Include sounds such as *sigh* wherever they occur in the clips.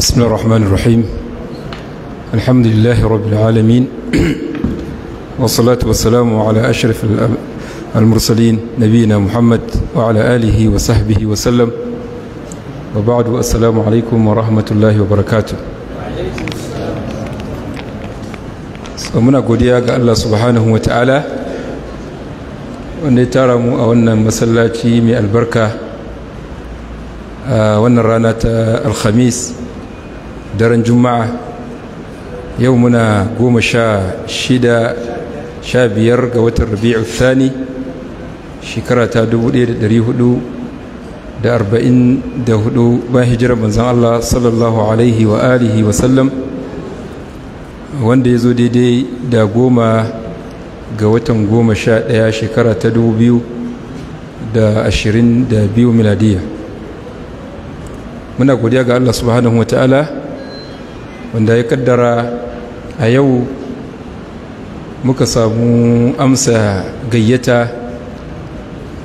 بسم الله الرحمن الرحيم الحمد لله رب العالمين *clears throat* والصلاة والسلام على أشرف المرسلين نبينا محمد وعلى آله وصحبه وسلم وبعد السلام عليكم ورحمة الله وبركاته ومن أقول ga الله سبحانه وتعالى ta'ala wanda ya tara mu a wannan masallaci mai albarka daren juma'a yau muna goma sha shida sha biyar ga watan rabi'u thani shekara ta dubu ɗaya da da da hudu arba'in hudu ban hijirar manzan Allah sallallahu alaihi wa alihi wa sallam wanda ya zo daidai da goma ga watan goma sha ɗaya shekara ta dubu biyu da da ashirin biyu miladiya muna godiya ga Allah subhanahu wa ta'ala wanda ya kaddara a yau muka samu amsa gayyata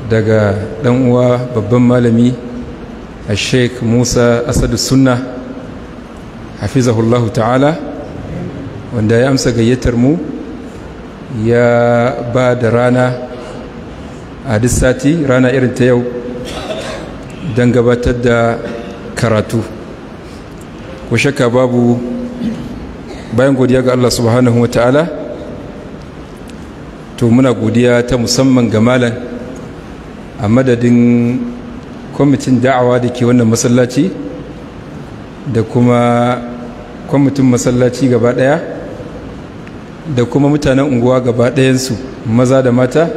daga ɗan uwa babban malami a sheik musa asadu sunna hafizahullahu ta'ala wanda ya amsa gayyatar mu ya ba da rana a duk sati rana irin ta yau don gabatar da karatu ko shakka babu bayan godiya ga Allah subhanahu wa ta'ala to muna godiya ta musamman ga malam a madadin kwamitin da'awa da ke wannan masallaci da kuma kwamitin masallaci gaba daya da kuma mutanen unguwa gaba dayansu maza da mata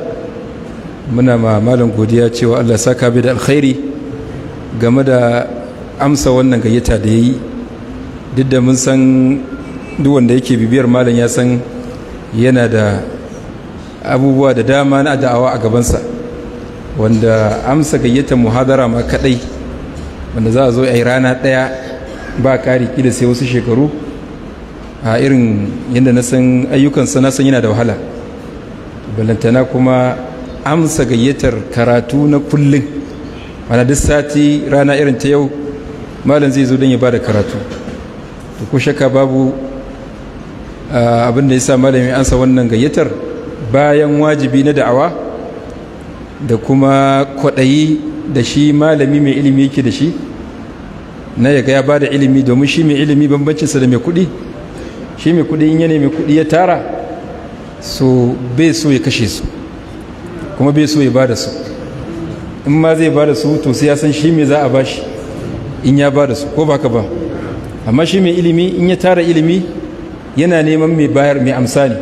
muna ma malam godiya cewa Allah saka bi da alkhairi game da amsa wannan gayyata da ya yi duk da mun san duk wanda yake bibiyar malam ya san yana da abubuwa da dama na da'awa a gabansa wanda amsa gayyata muhadara ma kadai wanda za a zo a yi rana ɗaya ba kari ƙila sai wasu shekaru a irin yadda na san ayyukansa na san yana da wahala balantana kuma amsa gayyatar karatu na kullum mana duk sati rana irin ta yau malam zai zo don ya ba da karatu to ko shaka babu Ah, abin da ya sa malami ansa wannan gayyatar bayan wajibi na da'awa da kuma kwaɗayi da shi malami mai ilimi yake da shi na yaga ya ba da ilimi domin shi mai ilimi bambancinsa da mai kuɗi shi mai kuɗi in yana mai kuɗi ya tara so bai so ya kashe su kuma bai so ya ba da su in ma zai ba da su to sai ya san shi mai za a ba shi in ya ba da su ko ba ka ba amma shi mai ilimi in ya tara ilimi yana neman mai bayar mai amsa ne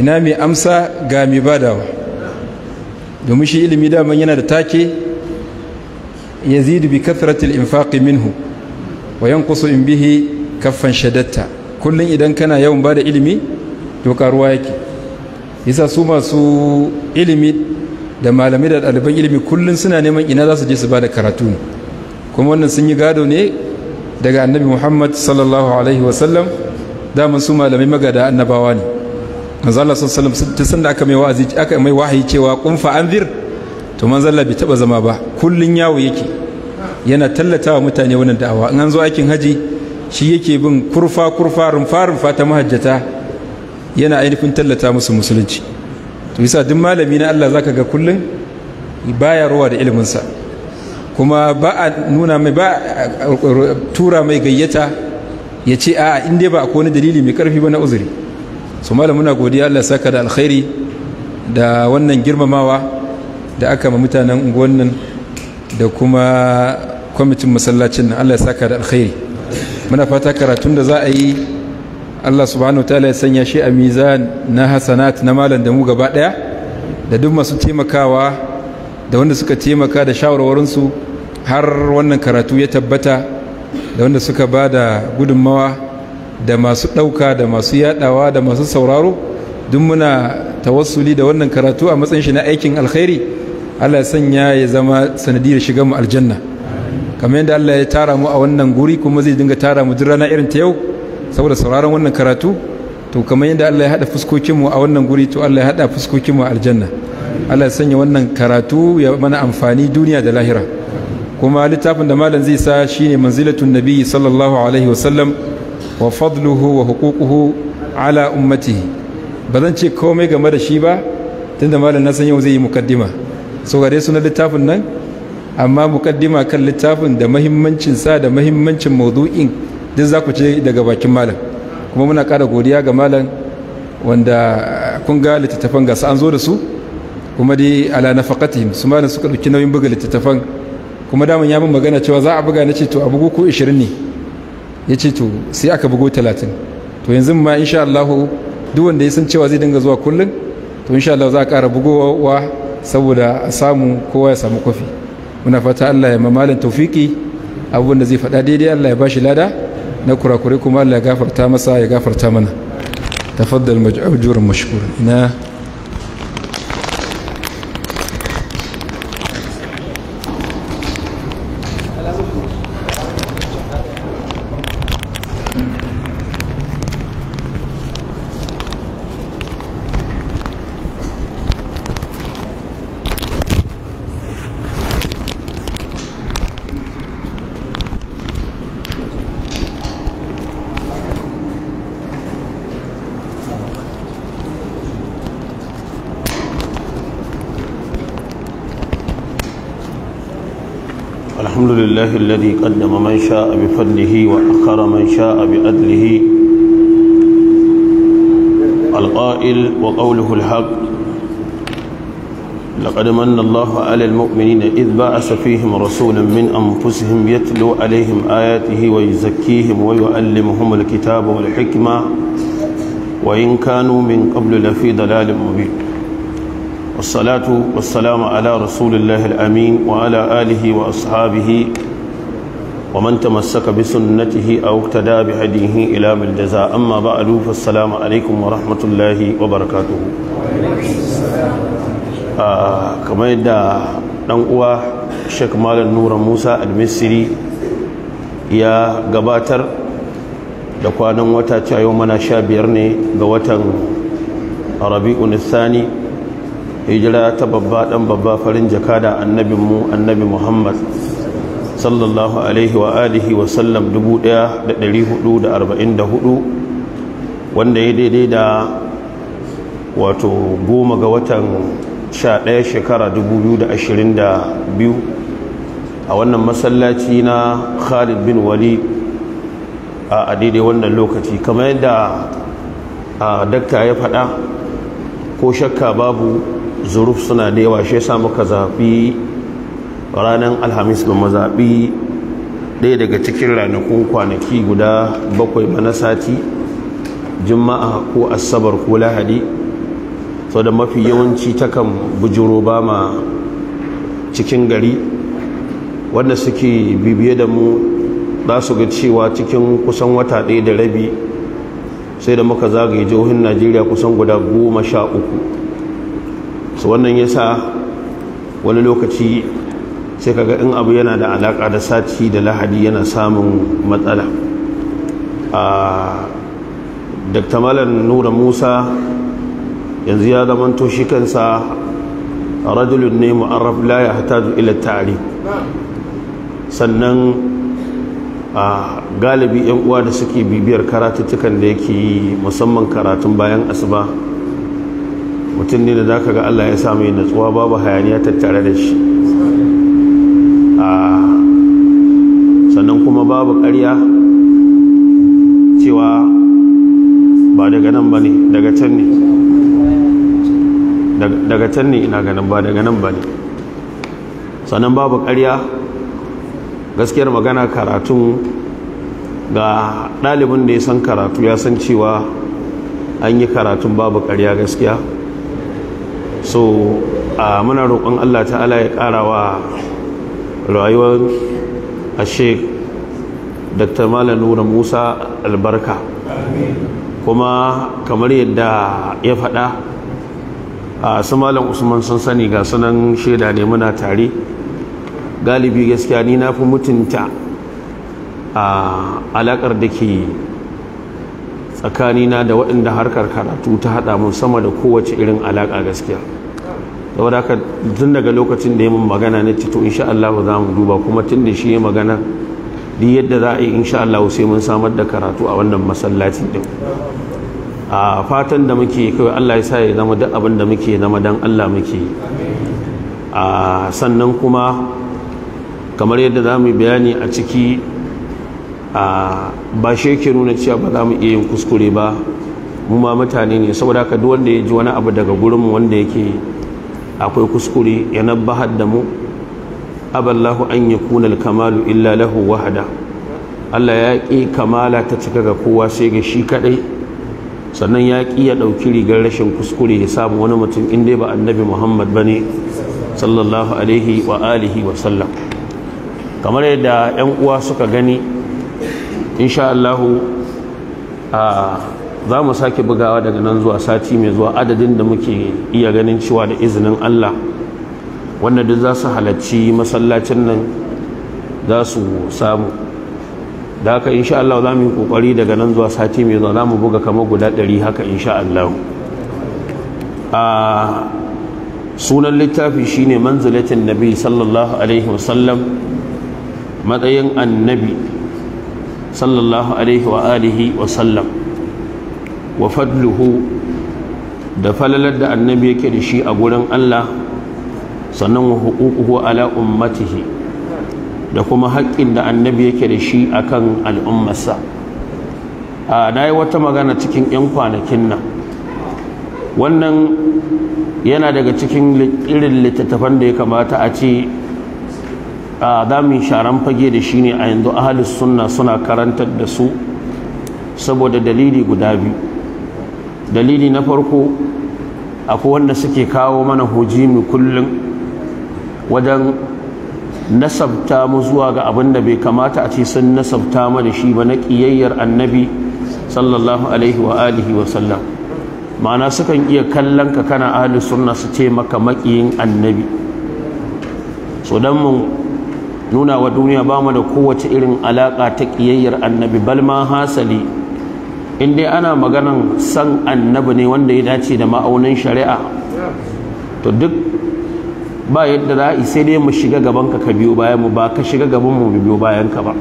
ina mai amsa ga mai badawa domin shi ilimi daman yana da take yazidu bi kathratil infaqi minhu wa yanqusu in bihi kaffan shadatta kullum idan kana yawan bada ilimi to karuwa yake yasa su masu ilimi da malamai da ɗaliban ilimi kullum suna neman ina za su je su bada karatu kuma wannan sun yi gado ne daga annabi muhammad sallallahu alaihi wasallam daman su malamai magada annabawa ne manzo Allah sallallahu alaihi wasallam aka mai wa'azi aka mai wahayi cewa kun fa anzir to manzo Allah bai taba zama ba kullun yawo yake yana tallatawa mutane wannan da'awa in an zo aikin haji shi yake bin kurfa kurfa rumfa rumfa ta mahajjata yana ainihin tallata musu musulunci to bisa duk malami na Allah zaka ga kullun baya ruwa da iliminsa kuma ba a nuna mai ba tura mai gayyata ya ce a'a in dai ba a wani dalili mai karfi ba na uzuri su malam muna godiya Allah saka da alkhairi da wannan girmamawa da aka ma mutanen unguwan nan da kuma kwamitin masallacin nan Allah saka da alkhairi muna fata karatun da za a yi Allah subhanahu ta'ala ya sanya shi a miza na hasanat na malam da mu gaba daya da duk masu taimakawa da wanda suka taimaka da shawarwarinsu har wannan karatu ya tabbata da wanda suka ba da gudunmawa da masu ɗauka da masu yaɗawa da masu sauraro duk muna tawassuli da wannan karatu a matsayin shi na aikin alkhairi Allah ya sanya ya zama sanadiyar shiga mu aljanna kamar yadda Allah ya tara mu a wannan guri kuma zai dinga tara mu duk rana irin ta yau saboda sauraron wannan karatu to kamar yadda Allah ya haɗa mu a wannan guri to Allah ya haɗa mu a aljanna Allah ya sanya wannan karatu ya mana amfani duniya da lahira kuma littafin da malam zai sa shine manzilatun nabi sallallahu alaihi wasallam wa fadluhu wa huququhu ala ummatihi ba zan ce komai game da shi ba tunda malam na san yau zai yi mukaddima so gare su na littafin nan amma mukaddima kan littafin da mahimmancin sa da mahimmancin maudu'in duk za ku ce daga bakin malam kuma muna ƙara godiya ga malam wanda kun ga littattafan gasa an zo da su kuma dai ala nafaqatihim su malam suka ɗauki nauyin buga littattafan kuma daman ya bin magana cewa za a buga na ce to a bugu ko 20 ne ya ce to sai aka bugo 30 to yanzu ma insha Allah duk wanda ya san cewa zai dinga zuwa kullum to insha Allah za a ƙara bugowa saboda a samu kowa ya samu kofi muna fata Allah ya mamalin taufiki abubuwan da zai faɗa daidai Allah ya bashi lada na kurakure kuma Allah ya gafarta masa ya gafarta mana tafaddal majjurin mashkur ina الذي قدم من شاء بفضله وأخر من شاء بأدله القائل وقوله الحق لقد من الله على المؤمنين إذ بعث فيهم رسولا من أنفسهم يتلو عليهم آياته ويزكيهم ويعلمهم الكتاب والحكمة وإن كانوا من قبل لفي ضلال مبين والصلاة والسلام على رسول الله الأمين وعلى آله وأصحابه ومن تمسك بسنته أو اقتدى بهديه إلى بالجزاء أما بعد فالسلام عليكم ورحمة الله وبركاته كما يدى نقوى شك مال النور موسى المصري يا قباتر da kwanan wata ta yau mana sha biyar ne ga watan rabi'un thani hijira ta babba dan babba farin jakada annabinmu annabi muhammad sallallahu alaihi wa alihi wa sallam 1444 wanda ya daidai da wato goma ga watan sha 11 shekara 2022 a wannan masallaci na Khalid bin Wali a daidai wannan lokaci kamar yadda a dakta ya faɗa ko shakka babu zuruf suna da yawa shi ya samu muka zafi ranar alhamis ba mazaɓi ɗaya daga cikin ranakun kwanaki guda bakwai mana sati juma'a ko asabar ko lahadi sau da mafi yawanci takan bujiro ba ma cikin gari wanda suke bibiye da mu za su ga cewa cikin kusan wata ɗaya da rabi sai da muka zagaye jihohin najeriya kusan guda goma sha uku su wannan ya sa wani lokaci sai kaga in abu yana da alaka da sati da lahadi yana samun matsala a dr malam nura musa yanzu ya zamanto shi kansa rajulun ne mu'arraf la ya hataju ila tari. sannan a galibi yan uwa da suke bibiyar karatuttukan da yake yi musamman karatun bayan asuba mutum ne da zaka ga Allah ya sa mai natsuwa babu hayaniya tattare da shi babu ƙarya cewa ba daga nan ba ne daga can ne daga can ne ina ganin ba daga nan ba ne sannan babu karya gaskiyar magana karatun ga ɗalibin da ya san karatu ya san cewa an yi karatun babu karya gaskiya so a muna roƙon allah ta'ala ya ƙara wa rayuwar a sheik dr malam nura musa albarka kuma kamar yadda ya fada a su malam usman sun sani ga sunan shaida ne muna tare galibi gaskiya ni na fi mutunta a alakar da ke tsakanina da waɗanda harkar karatu ta haɗa mun sama da kowace irin alaƙa gaskiya da wadaka tun daga lokacin da ya mun magana na cito insha Allah za mu duba kuma tun da shi ya magana duk yadda za a yi insha Allah sai mun samar da karatu a wannan masallaci din a fatan da muke kai Allah ya sa ya zama duk abin da muke zama dan Allah muke a sannan kuma kamar yadda za mu bayani a ciki a ba shi yake nuna cewa ba za mu iya yin kuskure ba mu ma mutane ne saboda haka duk wanda ya ji wani abu daga gurin mu wanda yake akwai kuskure ya nabbahar da mu aballahu an kunal kamalu illa lahu wahada. Allah ya ƙi kamala ta cika ga kowa sai ga shi kaɗai sannan ya ƙi ya ɗauki rigar rashin kuskure ya samu wani mutum inda dai ba annabi Muhammad ba ne. sallallahu alaihi wa alihi wa sallam kamar yadda 'yan uwa suka gani insha Allahu za mu sake bugawa daga nan zuwa sati mai zuwa adadin da muke iya ganin cewa da izinin Allah wanda duk za su halarci masallacin nan za su samu da haka insha Allah za mu yi kokari daga nan zuwa sati mai zuwa za mu buga kamar guda ɗari haka insha Allah a sunan littafi shine manzilatin nabi sallallahu alaihi wasallam matsayin annabi sallallahu alaihi wa alihi wasallam wa fadluhu da falalar da annabi yake da shi a gurin Allah sannan wa huququhu ala ummatihi da kuma haƙƙin da annabi yake da shi akan al'ummarsa a yi wata magana cikin 'yan kwanakin nan wannan yana daga cikin irin littattafan da ya kamata a ce a damin sharan fage da shi ne a yanzu ahalus sunna suna karantar da su saboda dalili guda biyu dalili na farko akwai wanda suke kawo mana hujji hujimi kullum wajen nasabta mu zuwa ga abin da bai kamata a ce sun nasabta mu da shi ba na ƙiyayyar annabi sallallahu alaihi wa alihi wa sallam ma'ana sukan iya kallon ka kana ahli sunna su ce maka maƙiyin annabi so don mun nuna wa duniya ba mu da kowace irin alaƙa ta ƙiyayyar annabi bal ma hasali in dai ana maganan san annabi ne wanda ya dace da ma'aunin shari'a to duk ba yadda za a sai dai mu shiga gaban ka ka bayan mu ba ka shiga gaban mu biyo bayan ka ba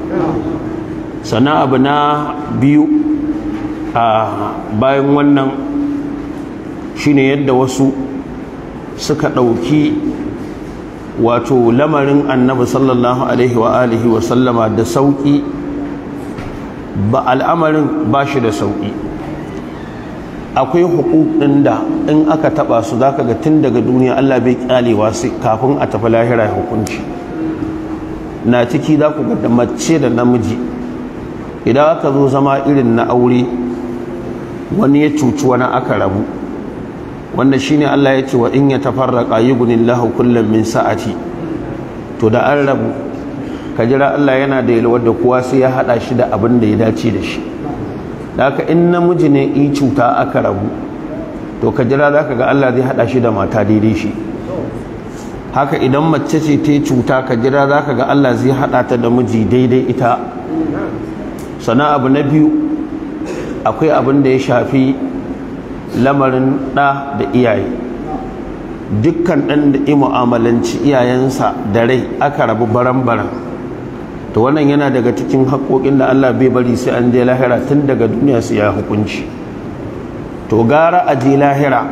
sannan abu na biyu a bayan wannan shine yadda wasu suka ɗauki wato lamarin annabi sallallahu alaihi wa alihi wa sallama da sauƙi ba al'amarin ba shi da sauƙi akwai hukuk da in aka taɓa su zaka ga tun daga duniya Allah bai kyalewa sai kafin a tafi lahira hukunci na ciki za ku ga mace da namiji idan aka zo zama irin na aure wani ya cuci wani aka rabu wanda shine Allah ya ce wa in ya yatafarraqa yughnillahu kullum min sa'ati to da an rabu ka jira Allah yana da yalwar da kowa sai ya haɗa shi da abin da ya dace da shi haka in namiji ne yi cuta aka rabu to ka jira za ka ga Allah zai haɗa shi da mata daidai shi haka idan mace ce ta cuta ka jira za ka ga Allah zai haɗa ta da miji daidai ita sana abu na biyu akwai abin da ya shafi lamarin ɗa da iyaye dukkan ɗan da i mu'amalanci iyayensa da rai aka rabu baran-baran to wannan yana daga cikin haƙoƙin da Allah bai bari sai an je lahira tun daga duniya su ya hukunci to gara a je lahira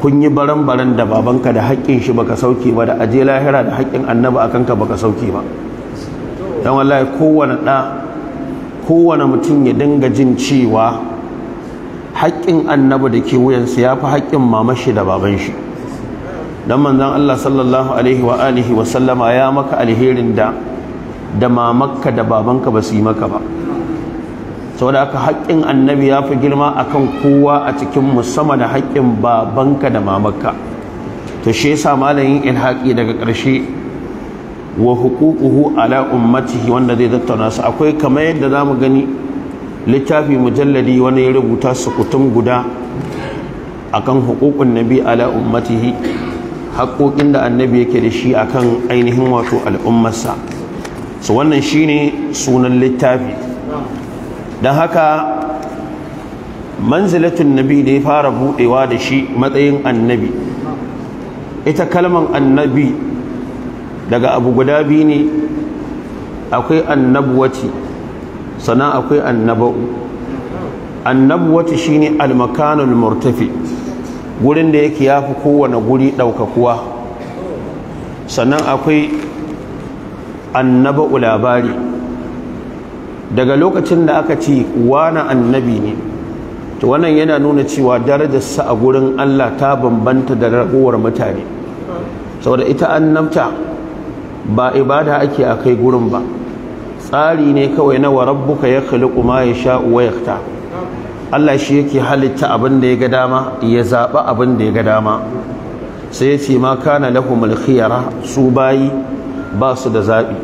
kun yi baran-baran da babanka da haƙƙin shi baka sauke ba da a je lahira da haƙƙin annaba akan ka baka sauke ba dan wallahi kowane da kowane mutum ya dinga jin cewa haƙƙin annabi da ke wuyansa ya fi haƙƙin shi da baban shi dan manzon Allah sallallahu alaihi wa alihi wa sallama ya maka alherin da da mamakka da babanka ba su yi maka ba saboda haka haƙƙin annabi ya fi girma akan kowa a cikin musamman da haƙƙin babanka da mamakka ta shi yasa malamin ilhaki daga ƙarshe wa hukukuhu ala ummatihi wanda zai tattauna su akwai kamar yadda za mu gani littafi mujalladi wani ya rubuta sukutun guda akan hukukun nabi ala ummatihi haƙoƙin da annabi yake da shi akan ainihin wato al'ummarsa su wannan shine sunan littafi don haka manzilatun nabi da ya fara buɗewa da shi matsayin annabi ita kalman annabi daga abu guda biyu ne akwai annabuwaci sana akwai annaba'u annabuwaci shine almakanul murtafi gurin da yake yafi kowane guri ɗaukakuwa sannan akwai annaba'u labari daga lokacin da aka ce wani annabi ne to wannan yana nuna cewa darajarsa a gurin Allah ta bambanta da ragowar mutane saboda ita annabta ba ibada ake a kai gurin ba tsari ne kawai na wa rabbuka ya khaliqu ma ya wa yakta Allah shi yake halitta abin da ya ga dama ya zaɓa abin da ya ga dama sai ya ce ma kana lahumul khiyara su bayi ba su da zaɓi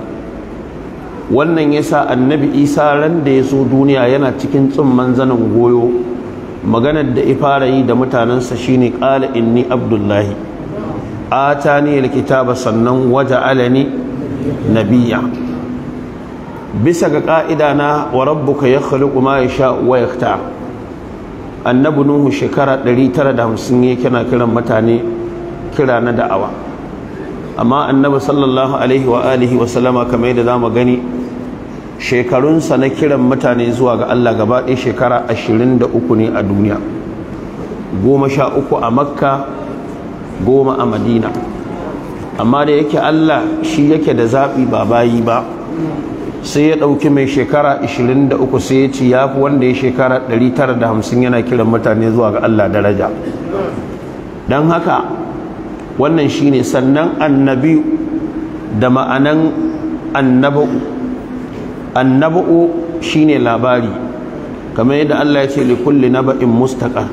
wannan yasa annabi isa ran da ya so duniya yana cikin tsumman zanen goyo maganar da ifara yi da mutanensa shine ƙala inni abdullahi atani alkitaba sannan na nabiyya bisa ga ƙa'ida na wa rabbuka yakhluqu ma yasha wa yakta annabi nuhu shekara 950 yake na kiran mutane kira na da'awa amma annabi sallallahu alaihi wa alihi wa sallama kamar yadda zamu gani shekarunsa na kiran mutane zuwa ga Allah gaba ɗaya shekara 23 ne a duniya goma sha a makka goma a madina amma da yake Allah shi yake da zaɓi ba bayi ba sai ya ɗauki mai shekara 23 sai ya ci ya fi wanda ya shekara 950 yana kiran mutane zuwa ga Allah daraja don haka wannan shine sannan annabi da ma'anan annabu annabu shine labari kamar yadda Allah ya ce li kulli naba'in mustaqa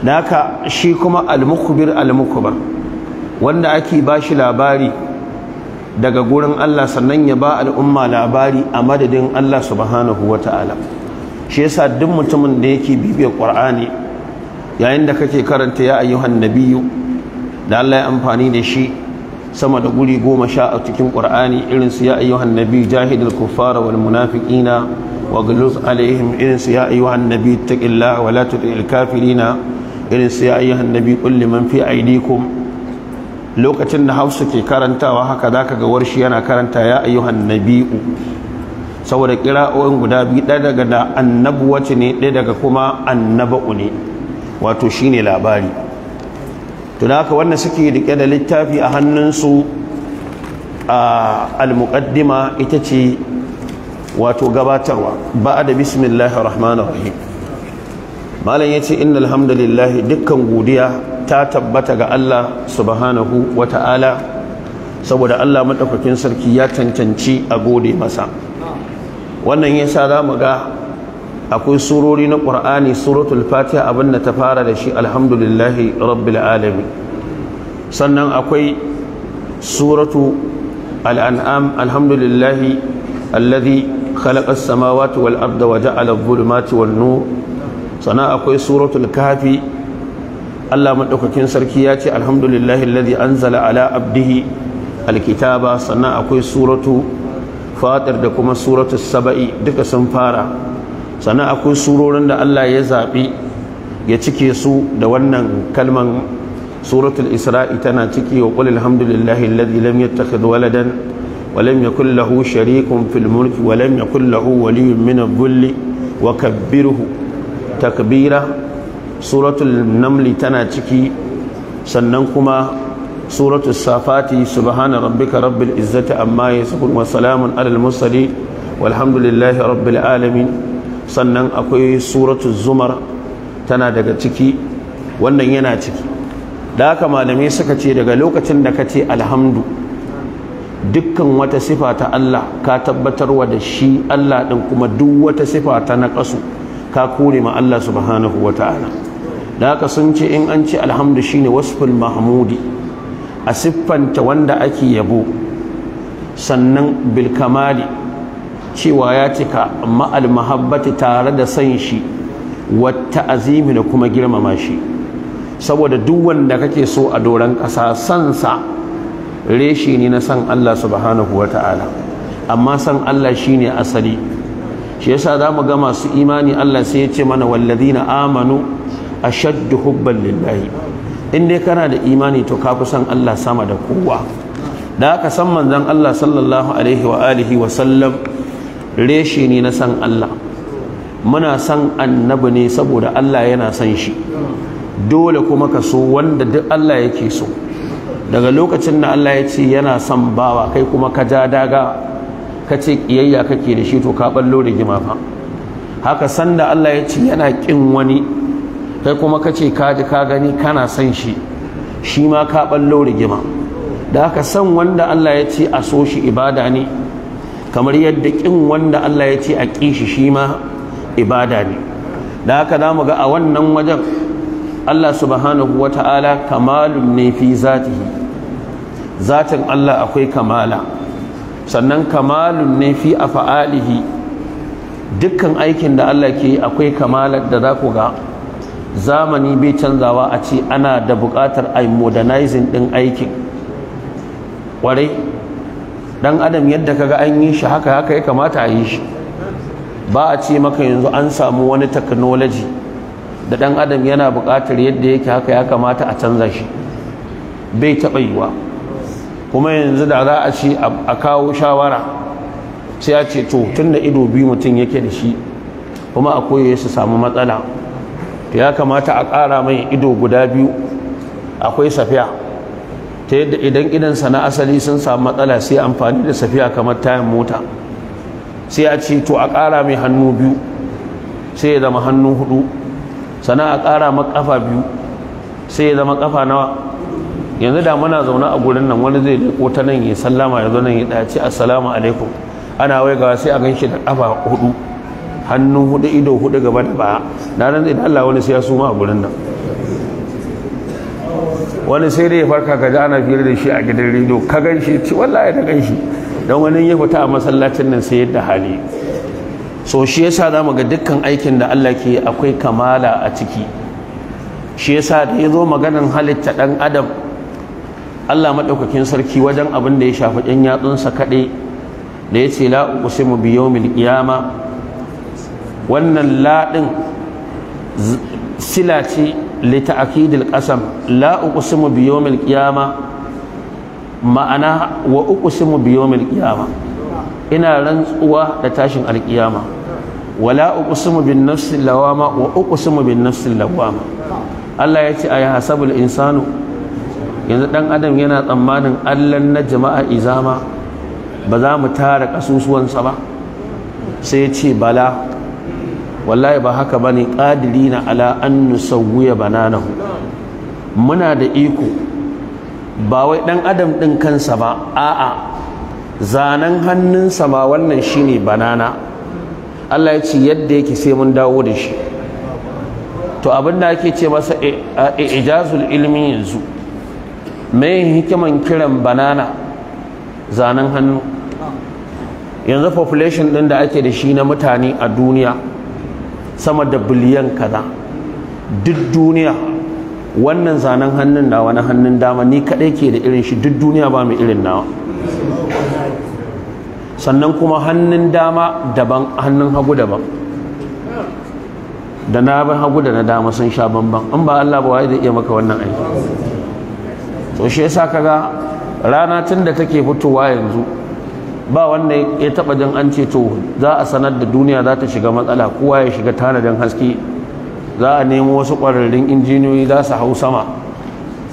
naka shi kuma al-mukhbir al mukhba wanda ake bashi labari daga gurin Allah sannan ya ba al'umma labari a madadin Allah subhanahu wata'ala shi yasa duk mutumin da yake bibiyar Qur'ani yayin da kake karanta ya ayyuhan nabiyyu da Allah ya amfani da shi sama da guri goma sha a cikin Qur'ani irin su ya ayyuhan nabi jahidul kuffara wal munafiqina wa ghuluz alaihim irin su ya ayyuhan nabi taqillaha wa la tutil kafirina irin su ya ayyuhan nabi qul liman fi aydikum lokacin da Hausa ke karantawa haka zaka ga warshi yana karanta ya ayyuhan nabi'u saboda kira'o'in guda biyu ɗaya daga da annabuwace ne ɗaya daga kuma annaba'u ne wato shine labari tunaka wanda wannan suke rike da littafi a hannunsu a al-muqaddima ita ce wato gabatarwa ba'a da bismillahir rahmanir rahim malam yace innal hamdalillah dukkan godiya ta tabbata ga Allah subhanahu wata'ala saboda Allah madaukakin sarki ya tantance a gode masa wannan yasa zamu ga akwai surori na ƙur'ani suratul fatiha abin da ta fara da shi alhamdulillahi rabbil alamin sannan akwai suratu al'an'am alhamdulillahi alladhi khalaqa as-samawati wal arda wa ja'ala adh-dhulumati wan nur sannan akwai suratul kafi Allah madaukakin sarki ya ce alhamdulillahi alladhi anzala ala abdihi alkitaba sannan akwai suratu fatir da kuma suratu saba'i duka sun fara sannan akwai surorin da Allah ya zaɓi ya cike su da wannan kalman suratul isra'i tana ciki wa qul alhamdulillahi alladhi lam yattakhidh waladan wa lam yakul lahu sharikun fil mulki wa lam yakul lahu waliyyun min adh-dhulli wa kabbirhu takbira suratul namli tana ciki sannan kuma suratul safati subhana rabbika rabbil izzati amma yasifun wa salamun alal mursalin والحمد لله رب العالمين sannan akwai suratu zumar tana daga ciki wannan yana ciki da haka malamai suka ce daga lokacin da ka ce alhamdu dukkan wata sifa ta Allah ka tabbatarwa da shi Allah ɗin kuma duk wata sifa ta naƙasu ka kore ma Allah subhanahu wa ta'ala da haka sun ce in an ce alhamdu shine wasful mahmudi a siffanta wanda ake yabo sannan bilkamali cewa ya cika ma'al mahabbati tare da san shi wata azimi da kuma girmama shi saboda duk wanda kake so a doron ƙasa sansa reshi ne na san Allah subhanahu wa ta'ala amma san Allah shine asali shi yasa za mu ga masu imani Allah sai ya ce mana wallazina amanu ashaddu hubban lillahi in dai kana da imani to ka fi san Allah sama da kowa da aka san manzon Allah sallallahu alaihi wa alihi wa sallam reshe ne na san Allah muna san annabi ne saboda Allah yana san shi dole kuma ka so wanda duk Allah yake so daga lokacin da Allah ya ce yana san bawa kai kuma ka ja daga ka ce kiyayya kake da shi to ka ballo gima fa haka san da Allah ya ce yana kin wani kai kuma ka ce ka ji ka gani kana san shi shi ma ka ballo gima. da haka san wanda Allah ya ce a so shi ibada ne kamar yadda kin wanda Allah ya ce a kishi shi ma ibada ne da haka za mu ga a wannan wajen Allah subhanahu wa ta'ala kamalun ne fi zatihi zatin Allah akwai kamala sannan kamalun ne fi fa'alihi dukkan aikin da Allah ke akwai kamala da za ku ga zamani bai canzawa a ce ana da buƙatar a modernizing ɗin aikin ƙwarai dan adam yadda kaga an yi shi haka haka ya kamata a yi shi ba a ce maka yanzu an samu wani technology da dan adam yana buƙatar yadda yake haka ya kamata a canza shi bai taɓa yiwa kuma yanzu da za a ce a kawo shawara sai a ce to tun da ido biyu mutum yake da shi kuma a koyo su samu matsala ya kamata a ƙara mai ido guda biyu akwai safiya ta yadda idan idansa na asali sun samu matsala sai amfani da safiya kamar tayan mota sai a ce to a ƙara mai hannu biyu sai ya zama hannu hudu sana a ƙara makafa biyu sai ya zama kafa nawa yanzu da muna zaune a gurin nan wani zai leko ta nan ya sallama ya zo nan ya dace assalamu alaikum ana gawa sai a gan shi da kafa hudu hannu hudu ido hudu gaba da baya na nan zai wani sai ya suma a gurin nan wani sai dai ya farka ka zana ana fiye da shi a gidan rido ka gan shi ci wallahi ta gan shi don wani ya fita a masallacin nan sai yadda hali so shi yasa za mu ga dukkan aikin da Allah ke akwai kamala a ciki shi yasa da ya zo maganan halitta ɗan adam Allah maɗaukakin sarki wajen abin da ya shafi ɗan yatsunsa kaɗai da ya ce la uqsimu bi yawmil qiyama wannan laɗin sila ce لتأكيد القسم لا أقسم بيوم القيامة معنى وأقسم بيوم القيامة إنا رنسوا لتاشن القيامة ولا أقسم بالنفس اللوامة وأقسم بالنفس اللوامة الله يأتي أيها حسب الإنسان yanzu أدم ينات yana tsammanin allan إزاما jama'a izama أسوس وانصبا سيتي بلا wallahi ba haka bane na ala an nusawwiya bananahu muna da iko ba wai dan adam ɗin kansa ba a'a zanen hannunsa ma wannan shine banana Allah ya ce yadda yake sai mun dawo da shi to abin da ake ce masa ijazul ilmi yanzu me hikiman kiran banana zanen hannu yanzu population din da ake da shi na mutane a duniya sama da biliyan kaza duk duniya wannan zanen hannun na hannun dama ni kaɗai ke da irin shi duk duniya ba mai irin nawa sannan kuma hannun dama daban hannun hagu daban da na bin hagu da na dama sun sha bamban in ba Allah ba wai zai iya maka wannan aiki to shi yasa kaga rana tun da take fitowa yanzu ba wanda ya taba jin an ce to za a sanar da duniya za ta shiga matsala kowa ya shiga tanadin haske za a nemo wasu ƙwararrun injiniyoyi za su hau sama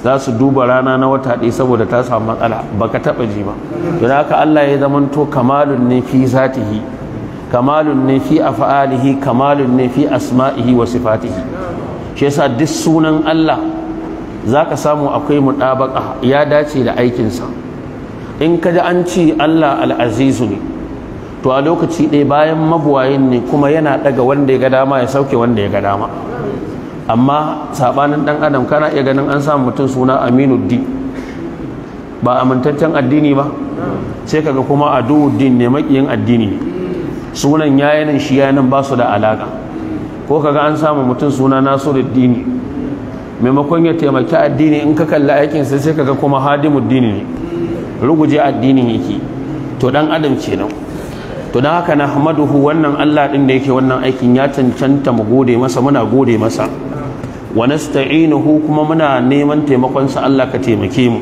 za su duba rana na wata ɗaya saboda ta samu matsala ba ka taba ji ba don haka Allah ya zamanto kamalun ne fi zatihi kamalun ne fi fa'alihi kamalun ne fi asma'ihi wa sifatihi shi yasa duk sunan Allah za zaka samu akwai mudabaka ya dace da aikinsa in ka ji an ce Allah al'azizu ne to a lokaci ɗaya bayan mabuwayin ne kuma yana ɗaga wanda ya ga dama ya sauke wanda ya ga dama amma sabanin ɗan adam kana iya ganin an samu mutum suna aminu di ba amintaccen addini ba sai kaga kuma aduwuddin ne maƙiyin addini sunan yayanan shi yayanan ba su da alaka ko kaga an samu mutum suna nasiruddini maimakon ya taimaki addini in ka kalli aikinsa sai kaga kuma hadimuddini ne ruguje addinin yake to dan adam kenan to dan haka na hamaduhu wannan Allah din da yake wannan aikin ya cancanta mu gode masa muna gode masa wa nasta'inuhu kuma muna neman taimakon sa Allah ka taimake mu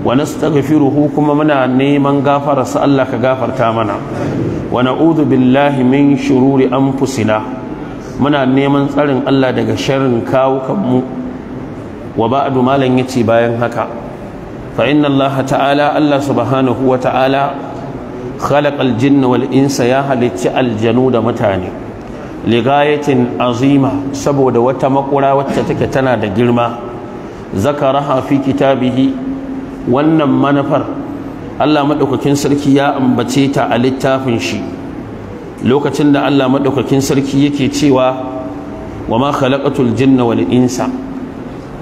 wa nastaghfiruhu kuma muna neman gafara sa Allah ka gafarta mana wa na'udhu billahi min shururi anfusina muna neman tsarin Allah daga sharrin kawukanmu wa ba'du malan yace bayan haka فإن الله تعالى الله سبحانه وتعالى خلق الجن والإنس يا هلت الجنود متاني لغاية عظيمة سبود وتمقرى وتتكتنا دجرما ذكرها في كتابه wannan manufar Allah maɗaukakin sarki ya ambace ta a littafin shi lokacin da Allah maɗaukakin sarki yake cewa wa ma khalaqatul jinna wal insa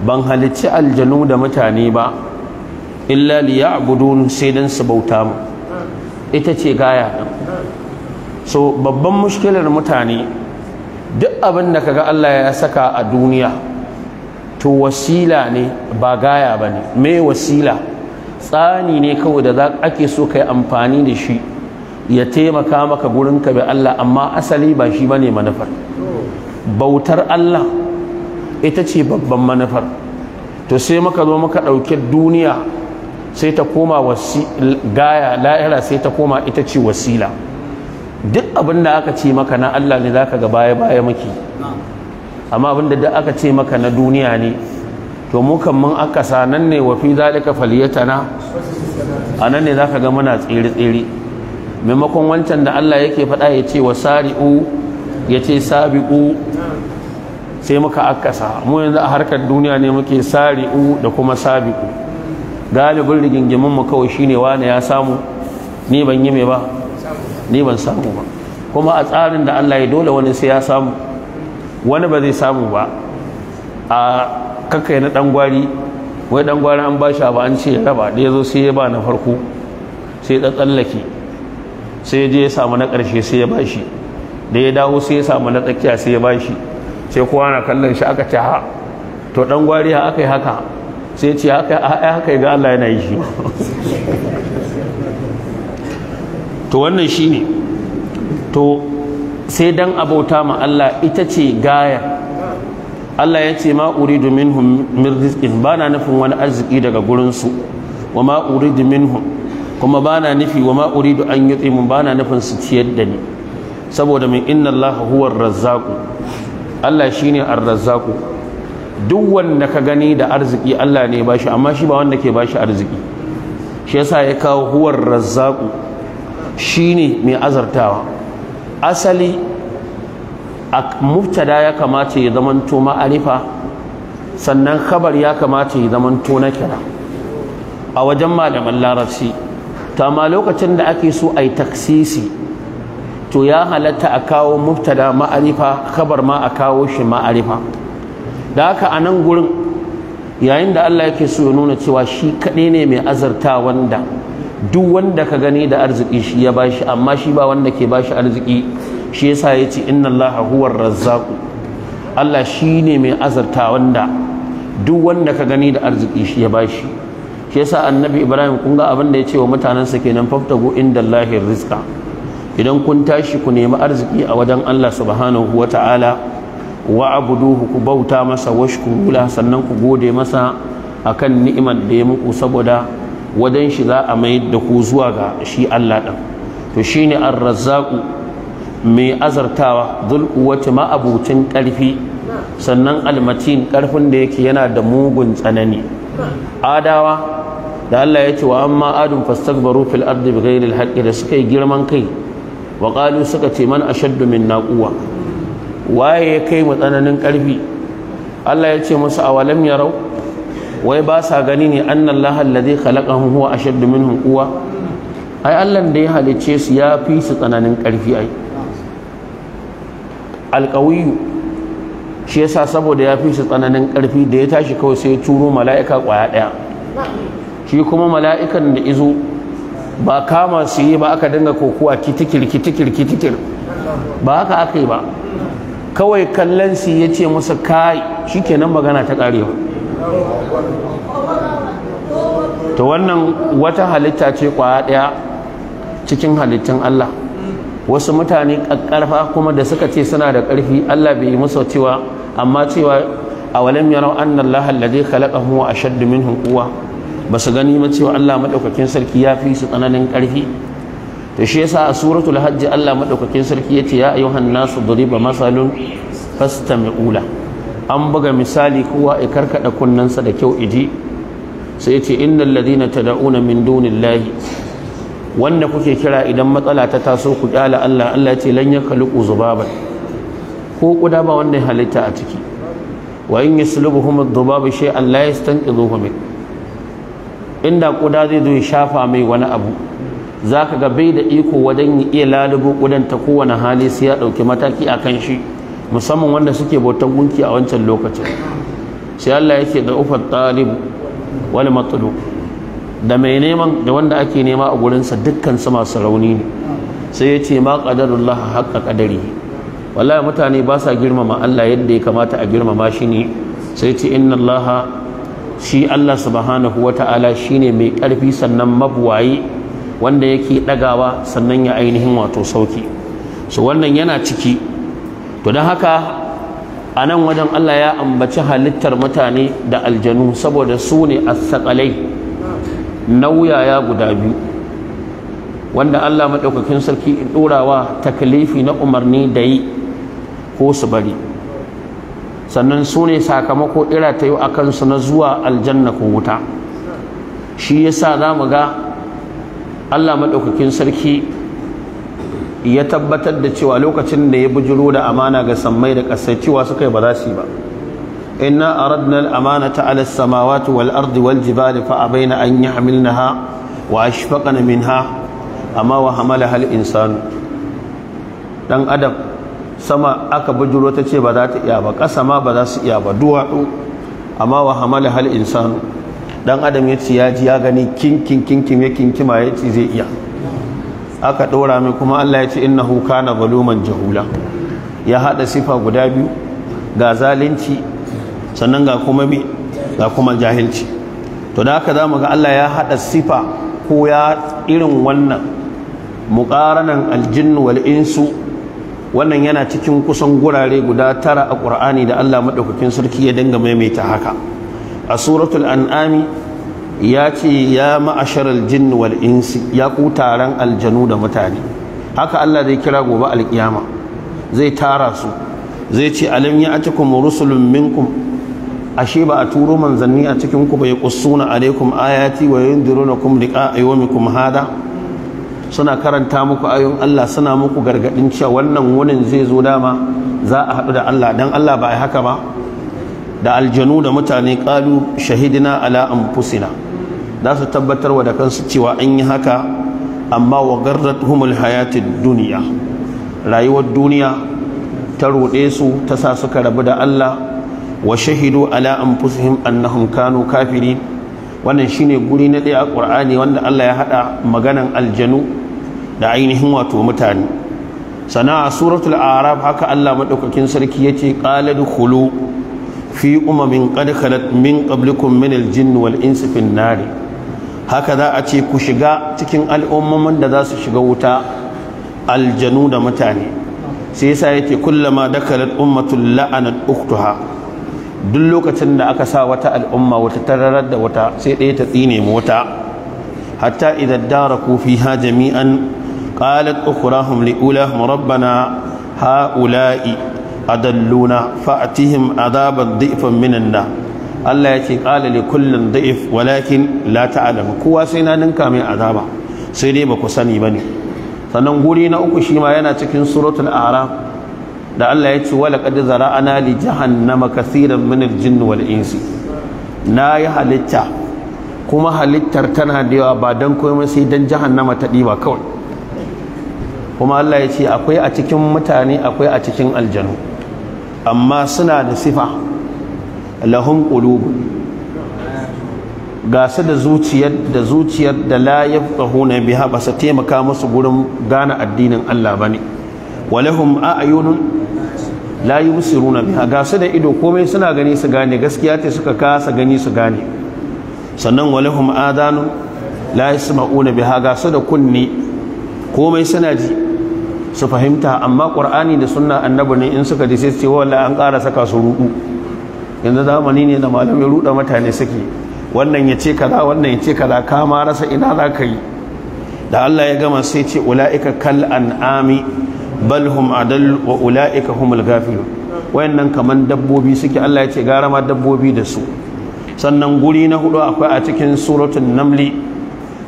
ban halicci aljanu da mutane ba illa liya'budun sai dan su bauta mu ita ce gaya din so babban mushkilar mutane duk abin da kaga Allah ya saka a duniya to wasila ne ba gaya bane me wasila tsani ne kawai da za ake so kai amfani da shi ya taimaka maka gurin ka bi Allah amma asali ba shi bane manufar bautar Allah ita ce babban manufar to sai muka zo muka ɗauki duniya sai ta koma gaya la'ira sai ta koma ita ce wasila duk abin da aka ce maka na Allah ne zaka ga baya baya maki amma abin da duk aka ce maka na duniya ne to mu kan mun aka sa nan ne wa fi zalika falyatana anan ne zaka ga muna tsiri tsiri maimakon wancan da Allah yake faɗa ya ce wasari'u ya ce sabiqu sai muka akasa mu yanzu a harkar duniya ne muke sari'u da kuma sabiqu galibin rigingimin mu kawai shine wane ya samu ni ban yi me ba ni ban samu ba kuma a tsarin da Allah ya dole wani sai ya samu wani ba zai samu ba a kakai na dan gwari wai dan gwari an bashi ba an ce ya raba da yazo sai ya ba na farko sai ya tsallake sai je ya samu na ƙarshe sai ya bashi da ya dawo sai ya samu na tsakiya sai ya bashi sai kowa na kallon shi aka ce ha to dan gwari ha aka yi haka sai ce haka haka ga Allah yana yi shi to wannan shi ne to sai dan abauta ma Allah ita ce gaya Allah ya ce ma uridu minhum min rizqin na nufin wani arziki daga gurinsu wa ma'uri domin minhum kuma na nufi wa ma'uri da an ba na nufin su ciyar da ni saboda min inna Allah huwar razzaku Allah shi ne ar razzaku. duk wanda ka gani da arziki Allah ne ba shi amma shi ba wanda ke ba shi arziki shi yasa ya kawo huwar razzaku ne mai azartawa asali a muftada ya kamata ya zamanto ma'arifa sannan kabar ya kamata ya zamanto na kira a wajen malaman larabci ta ma lokacin da ake so a yi taksisi to ya halatta a kawo muftada ma'arifa kabar ma a kawo shi ma'arifa da haka a nan gurin yayin da Allah yake so ya nuna cewa shi kaɗai ne mai azarta wanda duk wanda ka gani da arziki shi ya bashi amma shi ba wanda ke bashi arziki shi yasa ya ce inna Allah huwar razzaku.' Allah shi ne mai azarta wanda duk wanda ka gani da arziki shi ya bashi shi yasa annabi Ibrahim kun ga abin da ya ce wa mutanensa kenan faftago inda Allah rizqa idan kun tashi ku nemi arziki a wajen Allah subhanahu ta'ala. wa abuduhu ku bauta masa washku sannan ku gode masa akan ni'imar da ya muku saboda wadan shi za a mai da ku zuwa ga shi Allah ɗan to shine ar-razzaqu mai azartawa dhul quwwati ma abutin ƙarfi sannan almatin ƙarfin da yake yana da mugun tsanani adawa da Allah ya ce wa amma adun fastakbaru fil ardi bighairi al da suka yi girman kai wa qalu suka ce man ashaddu minna quwwa waye ya kai mu tsananin ƙarfi Allah ya ce musu ya rau? wai ba sa gani ne annan da zai kalaƙa huwa ashaddu domin hukuwa ai Allah da ya halicce su ya fi su tsananin ƙarfi ai alƙawiyu shi yasa saboda ya fi su tsananin ƙarfi da ya tashi kawai sai ya turo mala'ika ƙwaya ɗaya shi kuma mala'ikan da izo ba kama su yi ba aka dinga kokuwa kitikir kitikir kitikir ba haka aka yi ba kawai kallon su ya ce musu kai shikenan magana ta karewa to wannan wata halitta ce kwaya daya cikin halittun Allah wasu mutane ƙarfa kuma da suka ce suna da ƙarfi Allah bai yi musu cewa amma cewa a awalam yarau anna Allah alladhi khalaqahu wa ashaddu minhum quwwa basu gani ma cewa Allah madaukakin sarki ya fi su tsananin ƙarfi da shi yasa a suratul hajji Allah madaukakin sarki yace ya ayyuhan nasu duriba masalun fastami'ula an buga misali kowa ya karkada sa da kyau iji sai yace innal ladina tad'una min dunillahi wanda kuke kira idan matsala ta taso ku kyala Allah Allah yace lan yakhluqu zubaban ko kuda ba wannan halitta a ciki wa in yaslubuhum ad-dhubab shay'an la yastanqidhuhu inda kuda zai zo ya shafa mai wani abu za ka ga bai da iko wajen iya lalubo kudin ta kowane hali sai ya ɗauki mataki akan kan shi musamman wanda suke bautan gunki a wancan lokacin sai Allah yake da ufar talib wani matsalo da mai neman da wanda ake nema a gurinsa dukkan su masu rauni ne sai ya ce ma qadarullah haqqa qadari wallahi mutane ba sa girmama Allah yadda ya kamata a girmama shi ne sai ce inna Allah shi Allah subhanahu wata'ala shine mai ƙarfi sannan mabwayi wanda yake dagawa sannan ya ainihin wato sauki so wannan yana ciki to don haka a nan wajen Allah ya ambaci halittar mutane da aljanu saboda su ne asakalai nauyaya guda biyu wanda Allah maɗaukakin sarki in ɗorawa takalifi na umarni da yi ko su bari sannan su ne sakamako ira ta yi a kansu na zuwa aljanna ko wuta shi yasa za mu ga Allah maɗaukakin sarki ya tabbatar da cewa lokacin da ya bujiro da amana ga sammai da ƙasai cewa suka yi ba za su yi ba inna aradna al-amanata ala as-samawati wal ardi wal jibali fa abaina an yahmilnaha wa ashfaqna minha amma wa hamalaha al insan dan adam sama aka bujuru ta ce ba za ta iya ba ƙasa ma ba za su iya ba duwatsu amma wa hamalaha al insan dan adam ya ci ya ji ya gani kin kin ya kima ya ci zai iya aka ɗora mai kuma Allah ya ce innahu kana zaluman jahula ya haɗa sifa guda biyu ga zalunci sannan ga kuma mi ga kuma jahilci to da haka zamu ga Allah ya haɗa sifa ko ya irin wannan muqaranan aljin wal insu wannan yana cikin kusan gurare guda tara a Qur'ani da Allah madaukakin sarki ya dinga maimaita haka a suratul an'ami ya ce ya ma'asharar jin wal insi ya ku taron aljanu da mutane haka Allah zai kira gobe alkiyama zai tara su zai ce alam kuma rusulun minkum ashe ba a turo manzanni a cikin ku ba yaqussuna alaikum ayati wa yundirunakum liqa'a yawmikum hada suna karanta muku ayon Allah suna muku gargadin cewa wannan wunin zai zo dama za a haɗu da Allah dan Allah ba a haka ba da aljanu da mutane kalu shahidina ala anfusina za su tabbatar wa da kansu cewa an yi haka amma wa garratuhumul hayatid duniya rayuwar duniya ta roɗe su ta sa suka rabu da Allah wa shahidu ala anfusihim annahum kanu kafirin wannan shine guri na ɗaya a Qur'ani wanda Allah ya haɗa maganan aljanu da ainihin wato mutane sana'a suratul a'raf haka Allah madaukakin sarki yace qala dukhulu fi umamin qad khalat min min al-jinn wal insi fi an-nar haka za a ce ku shiga cikin al'ummomin da za su shiga wuta aljanu da mutane sai yasa yake kullama dakalat ummatul la'anat uktuha duk lokacin da aka sa wata al'umma wata tararar da wata sai ɗaya ta tsine mu wata hatta idan daraku ha jami'an qalat ukhrahum liulahum rabbana ha'ula'i adalluna fa'atihim azaban da'ifan minin Allah ya ce qala li kullin walakin la ta'lamu kowa sai na ninka mai azaba sai dai ba ku sani ba ne. sannan guri na uku shi ma yana cikin suratul a'raf da Allah ya ce walaqad zara'ana li jahannama kaseeran min al-jinni wal insi na yi halitta kuma halittar tana da yawa ba dan komai sai dan jahannama ta diba kawai kuma Allah ya ce akwai a cikin mutane akwai a cikin aljanu amma suna da sifa lahum ga su da zuciyar da zuciyar da la yafqahuna biha ba su taimaka musu gurin gane addinin Allah ba bane walahum a'yunun la biya biha su da ido komai suna gani su gane gaskiya te suka kasa gani su gane sannan walahum adanu la biya biha su da kunni komai suna ji su fahimta amma qur'ani da sunna annabi ne in suka ji sai ce wallahi an ƙara saka su rudu yanzu zamani ne da malamai ruda mutane suke wannan ya ce kaza wannan ya ce kaza ka ma rasa ina za ka yi da Allah ya gama sai ce ula'ika kal an'ami bal hum adal wa ula'ika humul ghafilun wayannan kaman dabbobi suke Allah ya ce gara ma dabbobi da su sannan guri na hudu akwai a cikin suratul namli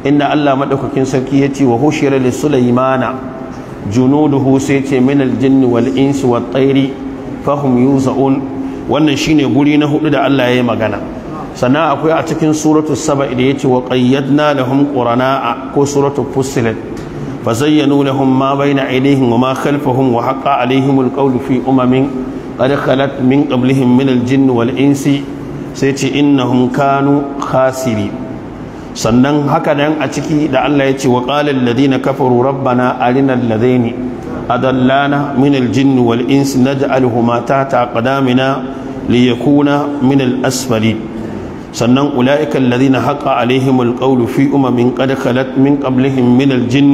inda Allah madaukakin sarki ya ce wa hushira li sulaimana junuduhu sai ce min aljinni wal insi wat tayri fahum yuzaun wannan shine guri na hudu da Allah ya yi magana sannan akwai a cikin suratu saba da yace wa qayyadna lahum qurana ko suratu fussilat fazayyanu lahum ma bayna aydihim wa ma khalfahum wa haqa alaihim alqawlu fi umamin qad khalat min qablihim min aljinni wal insi sai ce innahum kanu khasirin sannan haka nan a ciki da Allah ya ce wa qala alladhina kafaru rabbana arina alladhini adallana min aljinn wal ins naj'aluhuma ta aqdamina liyakuna min al-asfali sannan ulaika alladhina haqa alaihim alqawlu fi umamin qad khalat min qablihim min aljinn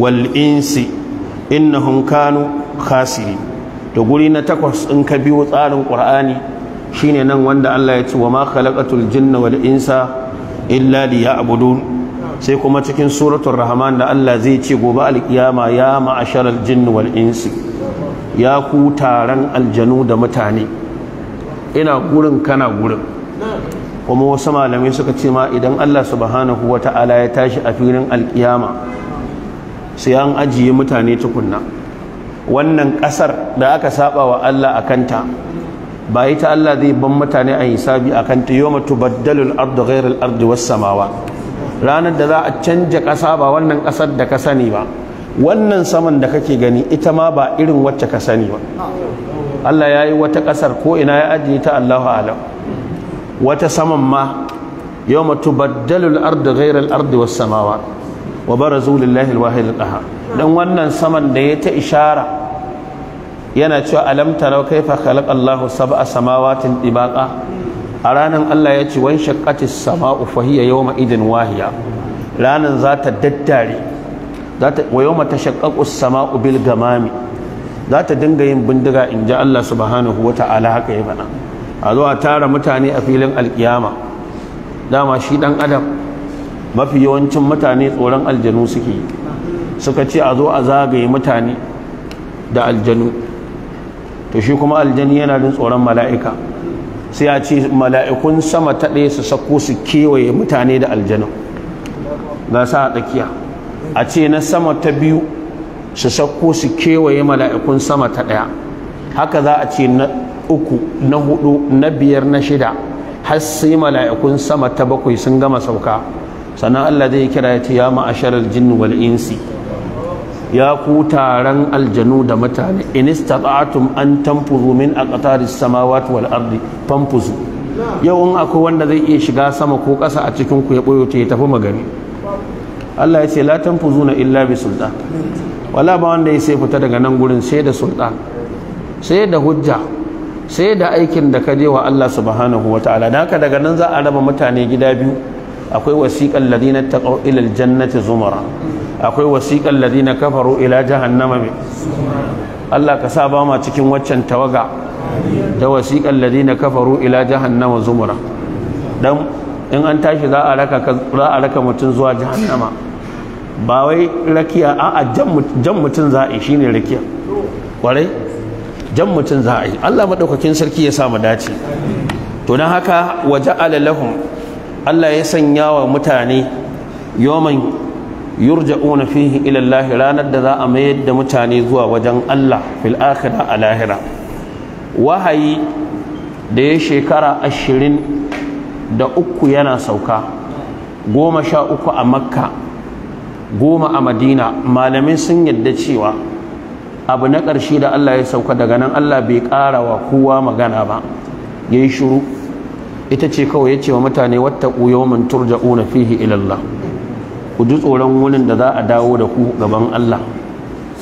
wal ins innahum kanu khasiri to guri na takwas in ka biyo tsarin qur'ani shine nan wanda Allah ya ce wa ma khalaqatul jinna wal insa illa liya'budun sai kuma cikin suratul rahman da Allah zai ce gobe alkiyama ya ma'asharal jinn wal insi ya ku taron aljanu da mutane ina gurin kana gurin kuma wasu malamai suka ce ma idan Allah subhanahu wata'ala ya tashi a filin alkiyama sai an ajiye mutane tukunna wannan kasar da aka saba wa Allah a kanta ba ita Allah zai ban mutane a hisabi akan ta yawma tubaddalu ardu ghayra al was-samawa ranar da za a canja ƙasa ba wannan ƙasar da ka sani ba wannan saman da kake gani ita ma ba irin wacce ka sani ba Allah ya yi wata ƙasar ko ina ya ajiye ta Allahu alam wata saman ma yawma tubaddalu ardu ghayra al was-samawa wa barazu lillahi al-wahid dan wannan saman da ya ta ishara yana cewa alam tarau kaifa khalaqa Allahu sab'a samawatin tibaqa a ranar Allah ya ce wan shaqqatis sama'u fa hiya yawma idin wahiya Ranan za ta daddare za ta wa yawma tashaqqaqu as-sama'u bil gamami za ta dinga yin bindiga in ji Allah subhanahu ta'ala haka ya faɗa a zo a tara mutane a filin alkiyama dama shi dan adam mafi yawancin mutane tsoron aljanu suke yi suka ce a zo a zagaye mutane da aljanu to shi kuma aljani yana jin tsoron mala'ika sai ya ce mala'ikun sama ta ɗaya su sako su kewaye mutane da aljanin za su a tsakiya a ce na sama ta biyu su sako su kewaye mala'ikun sama ta ɗaya haka za a ce na uku na hudu na biyar na shida har sai mala'ikun sama ta bakwai sun gama sauka sannan Allah zai kira ya ce ya ma'ashar jinnu wal insi ya ku taron aljanu da mutane in istata'tum an tanfuzu min aqtaris samawati wal ardi fanfuzu yau in akwai wanda zai iya shiga sama ko ƙasa a cikin ku ya boyo ta ya tafi magani Allah ya ce la tanfuzuna illa bi sultan wala ba wanda ya sai fita daga nan gurin sai da sultan sai da hujja sai da aikin da ka je wa Allah subhanahu wataala dan haka daga nan za a raba mutane gida biyu akwai wasiqal ladina taqaw ila aljannati zumara akwai wasiƙar ladina kafaru ila jahannama mai Allah ka sa ba ma cikin waccan tawaga ta wasiƙar ladina kafaru ila jahannama zumura dan in an tashi za a raka mutum zuwa jahannama ba wai rakiya a jan mutum za a yi shine rakiya kwarai jan mutum za a yi Allah maɗaukakin sarki ya sa mu dace to don haka waje alalahun Allah ya sanya wa mutane yoman yurja'una fihi ila Allah ranar da za a mayar da mutane zuwa wajen Allah fil akhirah a lahira wahayi da ya shekara ashirin da uku yana sauka goma sha uku a makka goma a madina malamin sun yadda cewa abu na ƙarshe da Allah ya sauka daga nan Allah bai ƙara wa kowa magana ba ya yi shuru ita ce kawai ya ce wa mutane wata yawmin turja'una fihi ilallah ku ji tsoron wunin da za a dawo da ku gaban Allah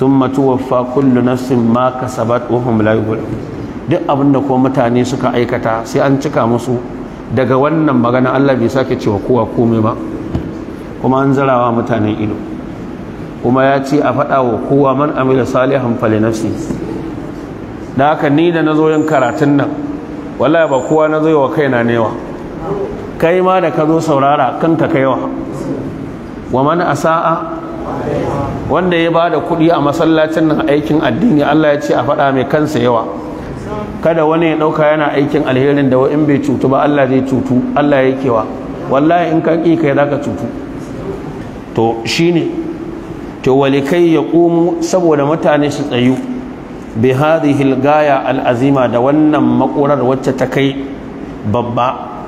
sun matuwaffa kullu nafsin ma ka sabat hum la duk abin da kuma mutane suka aikata sai an cika musu daga wannan magana Allah bai sake cewa kowa komai ba kuma an zarawa mutane ido kuma ya ce a faɗa wa kowa man amila salihan fali nafsi da haka ni da nazo yin karatun nan wallahi ba kowa na zo yi wa kaina newa kai ma da ka zo saurara kanka kaiwa wa man asa'a wanda ya ba da kuɗi a masallacin nan aikin addini Allah ya ce a faɗa mai kansa yawa kada wani ya ɗauka yana aikin alherin da in bai cutu ba Allah zai cutu Allah ya kewa wallahi in ka ƙi kai za ka cutu to shine to kai ya ƙumu saboda mutane su tsayu bi hadhihi al-gaya al da wannan makurar wacce ta kai babba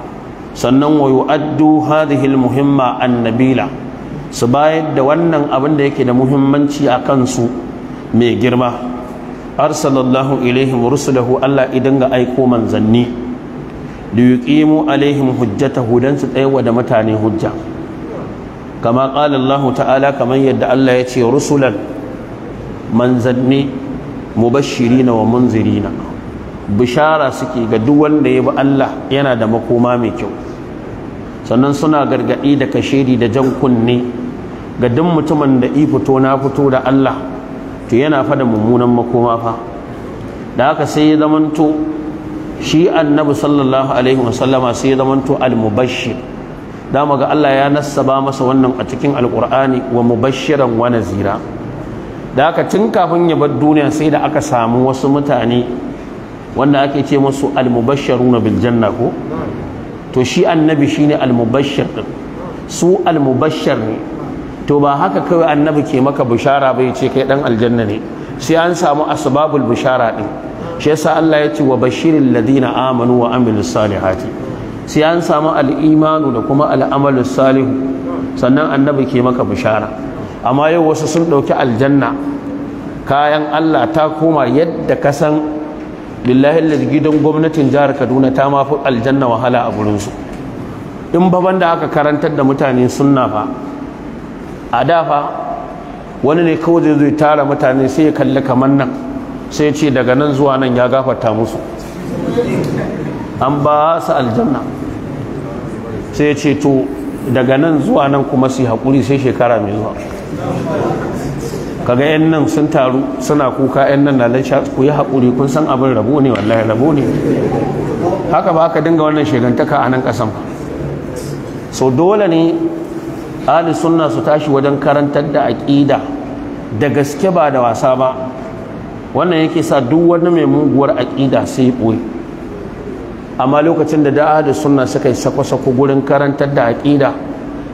sannan wa yu'addu hadhihi al-muhimma an su bayar da wannan abin da yake da muhimmanci a kansu mai girma arsalallahu ilaihim rusulahu Allah idan ga aiko manzanni da yuqimu alaihim hujjata. hudan su tsayawa da mutane hujja kama qala ta'ala kamar yadda Allah ya ce rusulan manzanni mubashirina wa munzirina bishara suke ga duk wanda ya bi Allah yana da makoma mai kyau sannan suna gargaɗi da kashedi da jan kunne ga duk mutumin da i fito na fito da Allah to yana fa da mummunan makoma fa da haka sai ya zamanto shi annabi sallallahu alaihi wasallama sai ya zamanto al-mubashshir dama ga Allah ya nassaba masa wannan a cikin alqur'ani wa mubashiran wa nazira da haka tun kafin ya bar duniya sai da aka samu wasu mutane wanda ake ce musu al-mubashsharuna bil janna ko to shi annabi shine al-mubashshir su al-mubashshir ne to ba haka kawai annabi ke maka bishara bai ce kai dan aljanna ne sai an samu asbabul bishara din shi yasa Allah ya ce wa bashirin ladina amanu wa amilus salihati sai an samu al'imanu da kuma al'amalus salihu sannan annabi ke maka bishara amma yau wasu sun ɗauki aljanna kayan Allah ta koma yadda ka san billahi gidan gwamnatin jihar Kaduna ta mafi aljanna wahala a gurinsu in baban da aka karantar da mutane sunna fa a dafa wani ne kawai zai zai tara mutane sai ya kalli kamar nan sai ce daga nan zuwa nan ya gafarta musu an ba su aljanna sai ce to daga nan zuwa nan kuma su haƙuri sai shekara mai zuwa kaga yan nan sun taru suna kuka yan nan na sha ku yi haƙuri kun san abin rabo ne wallahi rabo ne haka ba ka dinga wannan shegantaka a nan ƙasan ba so dole ne ahli sunna su tashi wajen karantar da aƙida da gaske ba da wasa ba wannan yake sa duk wani mai muguwar aƙida sai ya ɓoye amma lokacin da da'a da sunna suka yi sako-sako gurin karantar da aƙida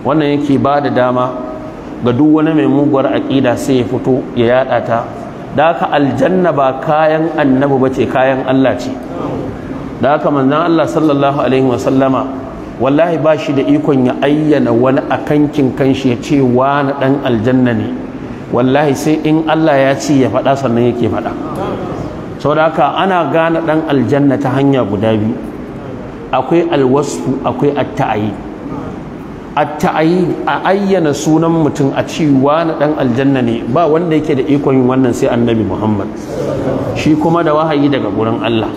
wannan yake ba da dama ga duk wani mai muguwar aƙida sai ya fito ya yaɗa ta da haka aljanna ba kayan annabi ba ce kayan Allah ce da haka manzon Allah sallallahu alaihi wasallama wallahi ba shi da ikon ya ayyana wani a kankin kanshi ya ce na ɗan aljanna ne wallahi sai in Allah ya ce ya faɗa sannan yake faɗa saboda haka ana gane ɗan aljanna ta hanya guda biyu akwai alwasfu akwai atta'ayi atta'ayi a ayyana sunan mutum a ce na ɗan aljanna ne ba wanda yake da ikon wannan sai annabi Muhammad shi kuma da wahayi daga gurin Allah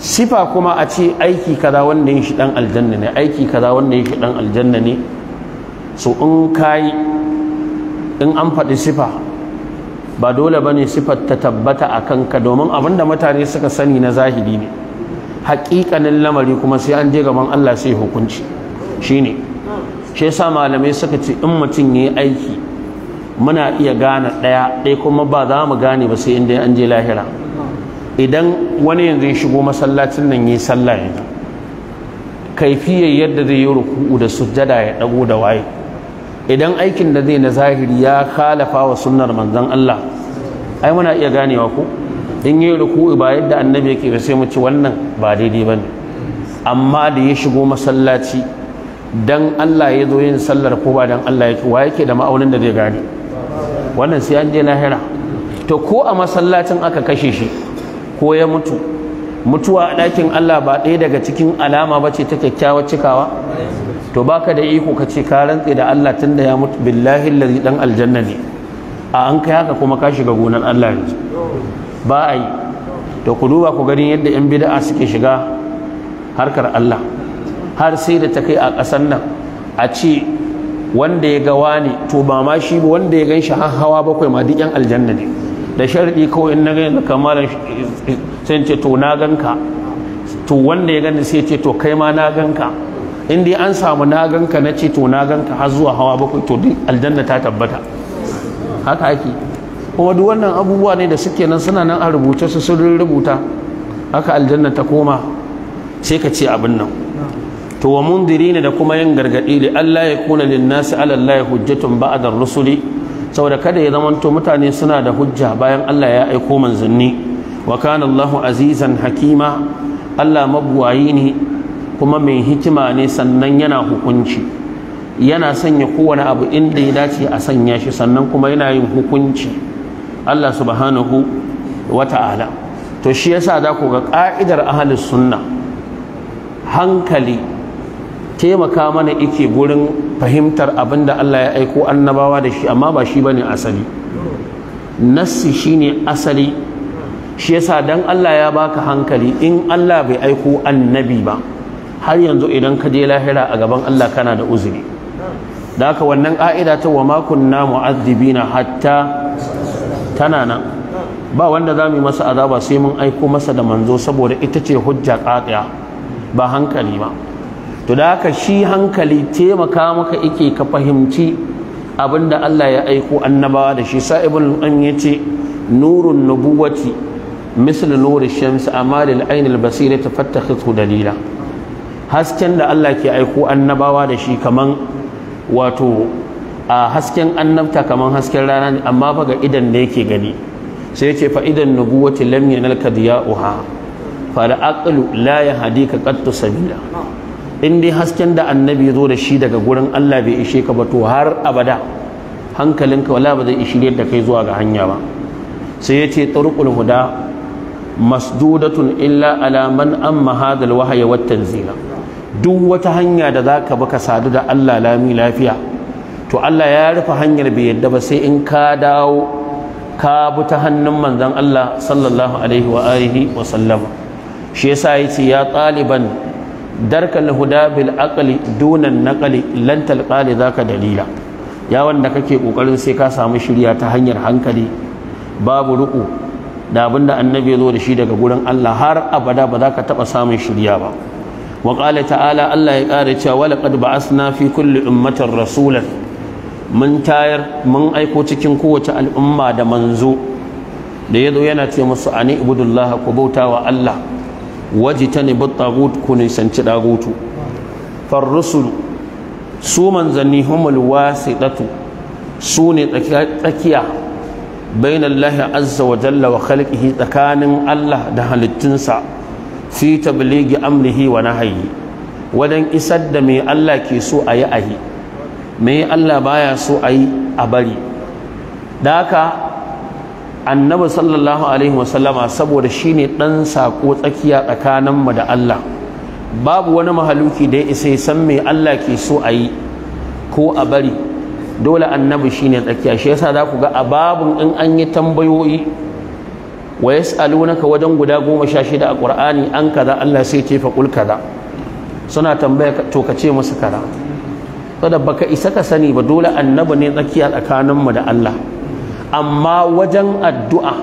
sifa kuma a ce aiki kaza wanda ya shi dan aljanna ne aiki kaza wanda ya shi dan aljanna ne so in kai in an faɗi sifa ba dole bane sifa ta tabbata a kanka domin abinda mutane suka sani na zahiri ne haƙiƙanin lamari kuma sai an je gaban Allah sai hukunci shine shi yasa malamai suka ce in mutum yayi aiki muna iya gane ɗaya ɗaya kuma ba za mu gane ba sai inda an je lahira idan wani yanzu ya shigo masallacin nan yi sallah yanzu kaifiyar yadda zai yi ruku'u da sujjada ya dago da waye idan aikin da zai na zahiri ya khalafa wa sunnar manzon Allah ai muna iya ganewa ko in yi ruku'u ba yadda annabi yake sai mu ci wannan ba daidai bane amma da ya shigo masallaci dan Allah ya zo yin sallar ko ba dan Allah yake wa yake da ma'aunin da zai gane wannan sai an je lahira to ko a masallacin aka kashe shi ko ya mutu mutuwa a ɗakin Allah ba ɗaya daga cikin alama ba ce ta kyakkyawar cikawa to baka da iko ka ce ka rantse da Allah tun da ya mutu billahi lazi dan aljanna ne a an kai haka kuma ka shiga gonar Allah yanzu ba a yi to ku duba ku ganin yadda yan bid'a suke shiga harkar Allah har sai da ta kai a ƙasar nan a ce wanda ya ga wani to ba ma shi wanda ya gan shi har hawa bakwai ma duk yan aljanna ne da sharɗi kawai in na gani da kamalan sai ce to na ganka to wanda ya gani sai ce to kai ma na ganka in dai an samu na ganka na ce to na ganka har zuwa hawa bakwai to duk aljanna ta tabbata haka ake kuma duk wannan abubuwa ne da suke nan suna nan a rubuce su sun rubuta haka aljanna ta koma sai ka ce abin nan to wa mundirina da kuma yin gargaɗi li Allah ya kuna lin nasi hujjatun ba'da rusuli saboda kada ya zamanto mutane suna da hujja bayan Allah ya aiko manzanni wa kana Allahu azizan hakima Allah mabuwayi ne kuma mai hikima ne sannan yana hukunci yana sanya kowane abu inda ya dace a sanya shi sannan kuma yana yin hukunci Allah subhanahu wa ta'ala to shi yasa za ku ga ka'idar ahlus sunna hankali taimaka mana ike gurin fahimtar abin da Allah ya aiko annabawa da shi amma ba shi ne asali nassi ne asali shi yasa dan Allah ya baka hankali in Allah bai aiko annabi ba har yanzu idan ka je lahira a gaban Allah kana da uzuri da haka wannan ka'ida ta wa ma kunna na hatta tana nan ba wanda za mu yi masa azaba sai mun aiko masa da manzo saboda ita ce hujja qati'a ba hankali ba to da haka shi hankali taimaka maka yake ka fahimci abinda Allah ya aiko annabawa da shi sa'ibul an yace nurun nubuwati misl nuri shams amma lil ta basira tafattakhidhu dalila hasken da Allah ke aiko annabawa da shi kaman wato a hasken annabta kaman hasken rana amma fa ga idan da yake gani sai yace fa idan nubuwati lam yanalka diya'uha fa al aqlu la yahdika qattu sabila in dai hasken da annabi zo da shi daga gurin Allah bai ishe ka ba to har abada hankalinka wala ba zai ishi da kai zuwa ga hanya ba sai ya ce tarqul huda masdudatun illa ala man amma hadal wahaya wat tanzila duk wata hanya da zaka baka sadu da Allah lami lafiya to Allah ya rufe hanyar bai yadda ba sai in ka dawo ka bi ta hannun manzon Allah sallallahu alaihi wa alihi wa sallam shi yasa yace ya taliban darkal huda bil akali dunan naqli lan talqa li zaka dalila ya kake kokarin sai ka samu shirya ta hanyar hankali babu ruku da abinda annabi ya zo da shi daga gurin Allah har abada ba za ka taba samun shirya ba wa qala ta'ala Allah ya kare cewa walaqad ba'asna fi kulli ummatin rasulan mun tayar mun aiko cikin kowace al'umma da manzo da yazo yana ce musu ani ibudullaha ku bauta wa Allah wajtanibu at-taghut ku nisanci dagutu farrusul su manzanni humul wasidatu su ne tsakiya bainallahi Allah azza wa jalla wa khalqihi tsakanin Allah da halittunsa fi tablighi amrihi wa nahyi wadan isar da mai Allah ke so ayi ayi mai Allah baya so ayi a bari daka annabi sallallahu alaihi wasallama saboda shine dan sako tsakiya tsakanin mu da Allah babu wani mahaluki da ya isa san me Allah ke so a yi ko a bari dole annabi shine tsakiya shi yasa za ku ga a babun in an yi tambayoyi wa yas'alunaka wajen guda goma sha shida a Qur'ani an kaza Allah sai ce fa kul kaza suna tambaya to ka ce musu kaza saboda baka isa ka sani ba dole annabi ne tsakiya tsakanin mu da Allah amma wajen addu'a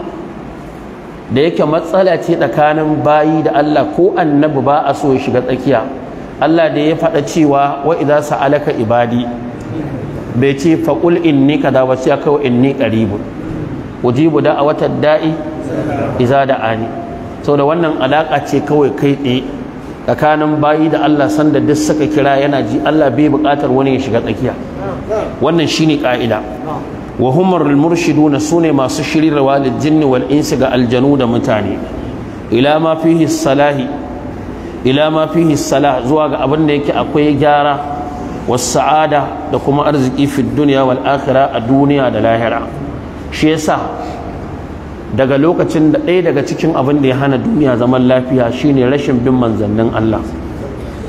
da yake matsala ce tsakanin bayi da Allah ko annabi ba a so shiga tsakiya Allah da ya faɗa cewa wa idza sa'alaka ibadi bai ce faqul inni kaza ba sai kawai inni qaribun ujibu da'awata da'i idza da'ani da wannan alaka ce kawai kai tsaye tsakanin bayi da Allah sanda duk suka kira yana ji Allah bai buƙatar wani ya shiga tsakiya wannan shine ƙa'ida wa humar murshiduna sune masu shirirwa da jinni wal insi ga aljanu da mutane ila ma fihi salahi zuwa ga abin da yake akwai gyara was sa'ada da kuma arziki fi dunya wal a duniya da lahira shi yasa daga lokacin da ɗaya daga cikin abin da ya hana duniya zaman lafiya shine rashin bin manzannin Allah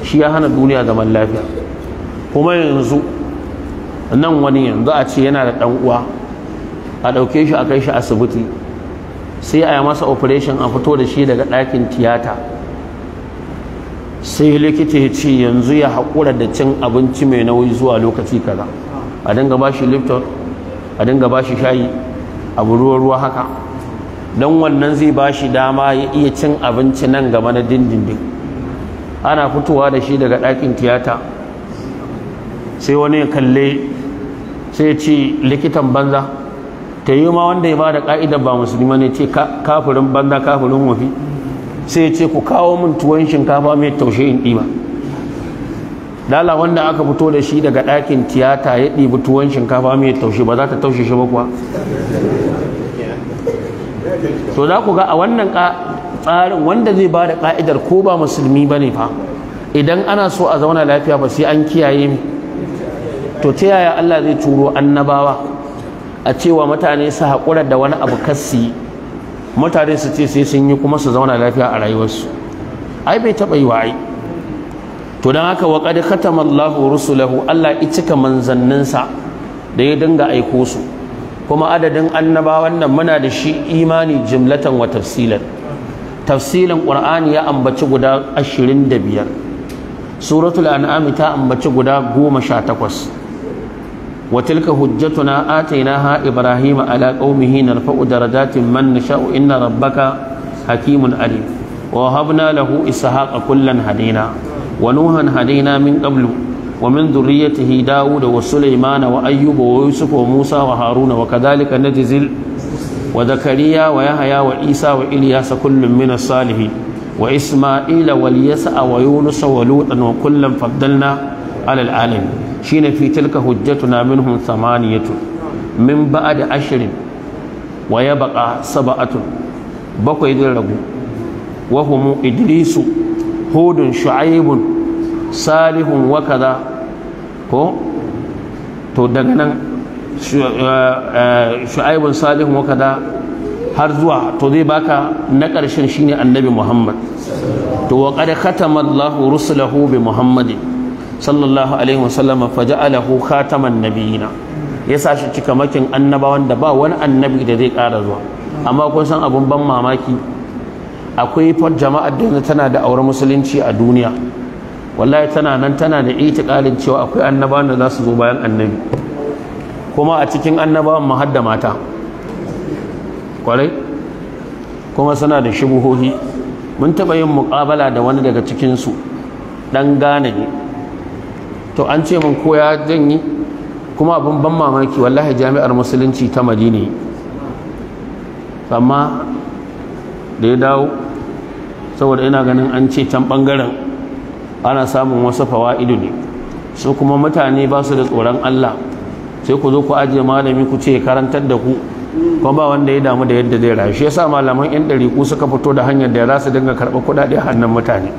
shi ya hana duniya zaman lafiya kuma yanzu nan wani yanzu a ce yana da ɗan uwa a ɗauke shi a kai shi asibiti sai a yi masa operation a fito da shi daga ɗakin tiyata sai likita ya ce yanzu ya haƙura da cin abinci mai nauyi zuwa lokaci kaza a dinga ba shi lifton a dinga ba shi shayi a ruwa-ruwa haka don wannan zai ba shi dama ya iya cin abinci nan gaba na dindindin ana fitowa da shi daga ɗakin tiyata sai wani ya kalle sai ce likitan banza ta yi ma wanda ya ba da ka'idar ba musulma ne ce kafirin banza kafirin wafi sai ce ku kawo min tuwon shinkafa mai taushe in ɗiba dala wanda aka fito da shi daga ɗakin tiyata ya ɗibi tuwon shinkafa mai taushe ba za ta taushe shi ba kuwa to za ku ga a wannan tsarin wanda zai ba da ka'idar ko ba musulmi ba ne fa idan ana so a zauna lafiya ba sai an kiyaye to ta yaya Allah zai turo annabawa a cewa mutane su haƙura da wani abu kassi mutane su ce sai sun yi kuma su zauna lafiya a rayuwarsu ai bai taɓa yi wa ai to don haka wa qad Allahu rusulahu Allah ya cika manzanninsa da ya dinga aiko su kuma adadin annabawan nan muna da shi imani jimlatan wa tafsilan tafsilin qur'ani ya ambaci guda ashirin da biyar suratul an'am ta ambaci guda goma sha takwas وتلك حجتنا آتيناها إبراهيم على قومه نرفع درجات من نشاء إن ربك حكيم عليم ووهبنا له إسحاق كلا هدينا ونوحا هدينا من قبل ومن ذريته داود وسليمان وأيوب ويوسف وموسى وهارون وكذلك نجزل وذكريا ويحيى وعيسى وإلياس كل من الصالحين وإسماعيل واليسع ويونس ولوطا وكلا فضلنا alal alam shine fi tilka hujjatuna minhum samaniyatu min ba'd ashrin wa yabqa sab'atun bakwai zai ragu wa hum hudun shu'aibun salihun wa ko to daga nan shu'aibun salihun wa har zuwa to zai baka na ƙarshen shine annabi Muhammad to wa qad khatama Allahu rusulahu bi Muhammadin sallallahu alaihi wasallam faja'alahu khataman nabiyina ya sa shi cika makin annabawan da ba wani annabi da zai kara zuwa amma kun san abun ban mamaki akwai fa jama'ar da yanzu tana da auren musulunci a duniya wallahi tana nan tana da itikalin cewa akwai annabawan da za su zo bayan annabi kuma a cikin annabawan ma har mata kwarai kuma suna da shubuhohi mun taɓa yin muƙabala da wani daga cikinsu ɗan gane ne to an ce min ko ya janyi kuma abin ban mamaki wallahi jami'ar musulunci ta madini amma da ya dawo saboda ina ganin an ce can bangaren ana samun wasu fawa fawa'idu ne su kuma mutane ba su da tsoron Allah sai ku zo ku ajiye malami ku ce karantar da ku kuma ba wanda ya damu da yadda zai rayu shi yasa malaman yan ku suka fito da hanyar da za su dinga karɓar kuɗaɗe a hannun mutane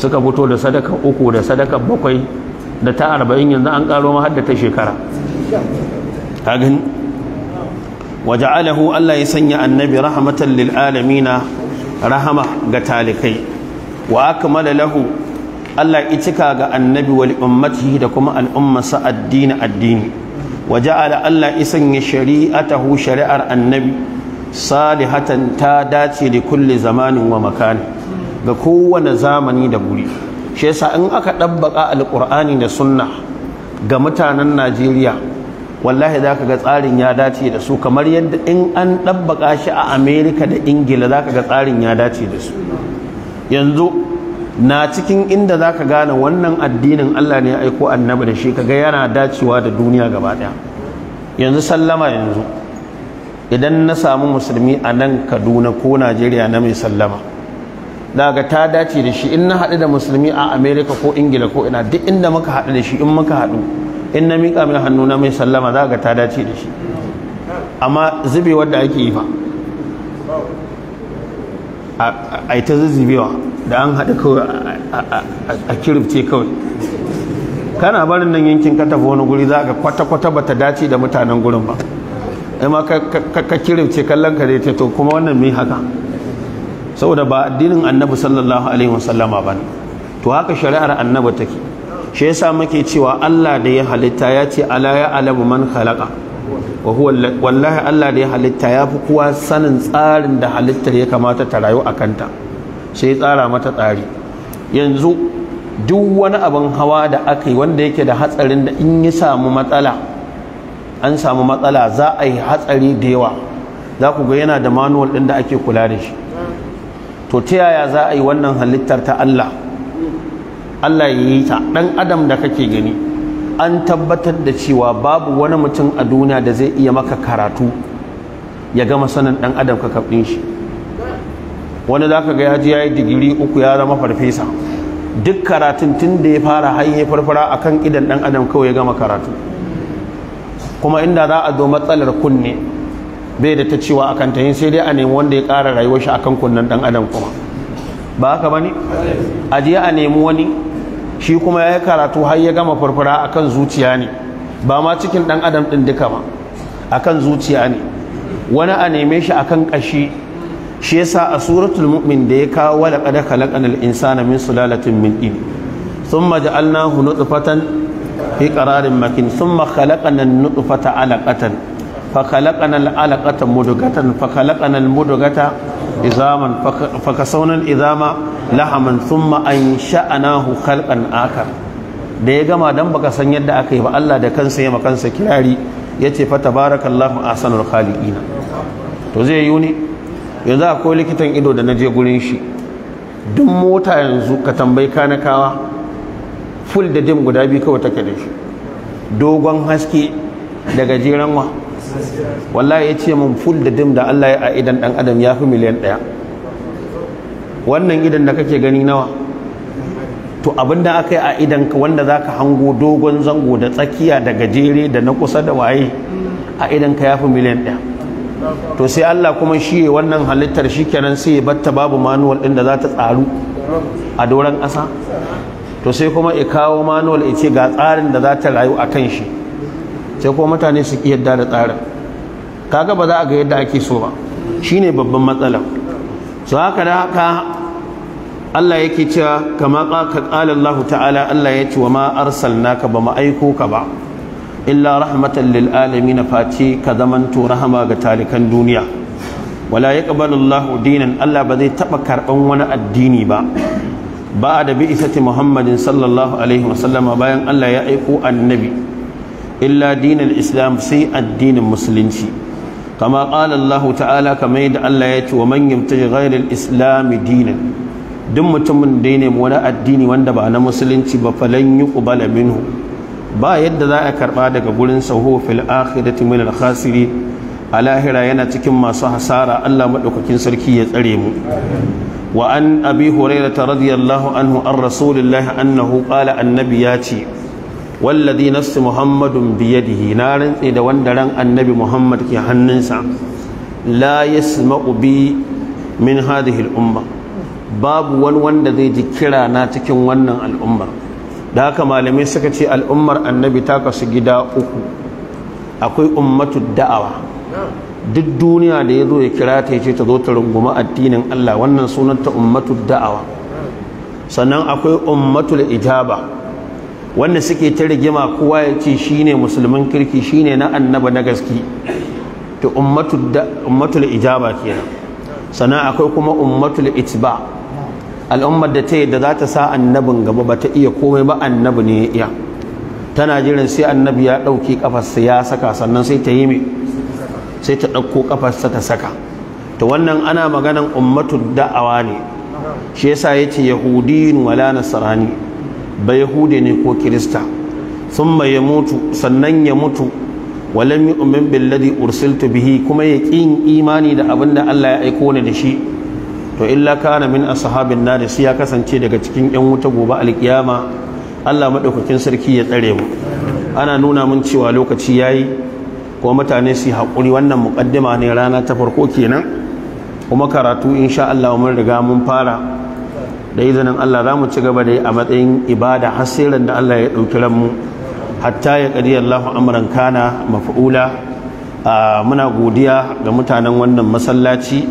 suka fito da sadaka uku da sadaka bakwai da ta arba'in yanzu an karo ma hadda ta shekara ta gani waja'alahu Allah ya sanya annabi rahmatan lil na rahama ga talikai wa akmala lahu Allah ya cika ga annabi wal ummatihi da kuma sa addini addini waja'ala Allah ya sanya shari'atahu shari'ar annabi salihatan ta dace da kulli zamanin wa makani ga kowane zamani da buri shi yasa in aka dabbaka alqur'ani da sunna ga mutanen Najeriya wallahi zaka ga tsarin ya dace da su kamar yadda in an dabbaka shi a amerika da Ingila zaka ga tsarin ya dace da su yanzu na cikin inda zaka gane wannan addinin Allah ne ya aiko annabi da shi kaga yana dacewa da duniya gaba daya yanzu sallama yanzu idan na samu musulmi a nan Kaduna ko Najeriya na mai sallama daga ta dace da shi in na haɗu da musulmi a america ko ingila ko ina duk inda muka haɗu da shi in muka haɗu in na miƙa min hannu na mai sallama za ga ta dace da shi amma zube wadda ake yi fa a ta zuzubewa da an haɗu kawai a kirifce kawai kana barin nan yankin ka tafi wani guri za ka kwata-kwata ba ta dace da mutanen gurin ba ma ka kirifce kallon ka dai to kuma wannan mai haka saboda ba addinin annabi sallallahu alaihi wasallama ba to haka shari'ar annabi take shi yasa muke cewa Allah da ya halitta ya ce ala ya alamu man khalaqa wa huwa wallahi Allah da ya halitta ya fi kowa sanin tsarin da halittar ya kamata ta rayu a kanta sai tsara mata tsari yanzu duk wani abin hawa da aka yi wanda yake da hatsarin da in ya samu matsala an samu matsala za a yi hatsari da yawa za ku ga yana da manuwal ɗin da ake kula da shi to ta yaya za a yi wannan halittar ta Allah Allah ya yi ta ɗan adam da kake gani an tabbatar da cewa babu wani mutum a duniya da zai iya maka karatu ya gama sanin ɗan adam ka kaɓin shi wani za ka ga yaji ya yi digiri uku ya zama farfesa duk karatun tun da ya fara hanyar farfara a kan idan ɗan adam kawai ya gama karatu kuma inda za a zo matsalar kunne bai da ta cewa akan ta sai dai a nemi wanda ya ƙara rayuwar shi akan kunnen dan adam kuma ba haka bane a je a nemi wani shi kuma ya karatu har ya gama farfara akan zuciya ne ba ma cikin dan adam ɗin duka ba akan zuciya ne wani a neme shi akan kashi shi yasa a suratul mu'min da ya kawo wala qad khalaqanal insana min sulalatin min tin thumma ja'alnahu nutfatan fi qararin makin thumma khalaqana nutfata 'alaqatan فخلقنا العلقة مدغة فخلقنا المدغة عظاما فكسونا العظام لحما ثم أنشأناه خلقا آخر da ya gama dan baka san yadda aka yi ba Allah da kansa ya makansa kirari ya ce fa tabarakallahu ahsanul khaliqina to zai yi ne yanzu akwai likitan ido da naje gurin shi duk mota yanzu ka tambayi kanakawa full da dim guda biyu kawai take da shi dogon haske da wallahi ya ce mun ful da dim da Allah ya a idan dan adam ya fi miliyan ɗaya wannan idan da kake gani nawa to abinda aka yi a idan wanda wanda zaka hango dogon zango da tsakiya da gajere da na kusa da waye a idan ka ya fi miliyan ɗaya to sai Allah kuma shi wannan halittar shi kenan sai ya batta babu manuwal ɗin da za ta tsaru a doron ƙasa to sai kuma ya kawo manuwal ya ce ga tsarin da za ta rayu a kan shi sai kuma mutane su ki yadda da tsarin kaga ba za a ga yadda ake so ba shine babban matsalar so haka da haka Allah yake cewa kama ka qala Allah ta'ala Allah ya ce wa ma arsalnaka ba ma aiko ka ba illa rahmatan lil alamin fati ka zamanto rahama ga talikan duniya wala yaqbalu Allahu dinan Allah ba zai taba karban wani addini ba ba da bi'isati Muhammadin sallallahu alaihi wasallama bayan Allah ya aiko annabi illa dinul islam sai addinin musulunci kama qala Allah ta'ala kamar yadda Allah ya ce wa man yamtaji ghayril islam dinan duk mutumin da ya nemi wani addini wanda ba na musulunci ba falan yuqbala minhu ba yadda za a karɓa daga gurin sahu fil akhirati min al khasiri a lahira yana cikin masu hasara Allah madaukakin sarki ya tsare mu وعن أبي هريرة رضي الله عنه عن رسول الله أنه قال النبي ياتي wallazi nafsi muhammadun biyadihi na rantse da wanda ran annabi muhammad ke hannunsa la yasma'u bi min hadhihi al-umma babu wani wanda zai ji kira na cikin wannan al'ummar da haka malamai suka ce al'ummar annabi ta kasu gida uku akwai ummatu da'awa duk duniya da ya zo ya kira ta ce ta zo ta runguma addinin Allah wannan sunanta ummatu da'awa sannan akwai ummatul ijaba wanda suke ta rigima kowa ya ce shine musulmin kirki shine na annaba na gaske to ummatul ijaba kenan sannan akwai kuma ummatul itba al'ummar da ta da za ta sa annabin gaba ba ta iya komai ba annabi ne ya iya tana jiran sai annabi ya ɗauki kafarsa ya saka sannan sai ta yi mai sai ta ɗauko kafarsa ta saka to wannan ana maganan ummatul da'awa ne shi yasa yace yahudi wala nasarani. ba yahude ne ko kirista ya mutu sannan ya mutu walam yu'min billadhi ursiltu bihi kuma ya yin imani da abin da Allah ya aiko ni da shi to illa kana min ashabin nar sai ya kasance daga cikin yan wuta gobe alkiyama Allah madaukakin sarki ya tsare mu ana nuna mun cewa lokaci yayi kuma mutane su hakuri wannan muƙaddima ne rana ta farko kenan kuma karatu insha Allah mun riga mun fara da izinin Allah za mu ci gaba da a matsayin ibada hasirin da Allah ya ɗauki ranmu hatta ya ƙari Allahu amuran kana maf'ula muna godiya ga mutanen wannan masallaci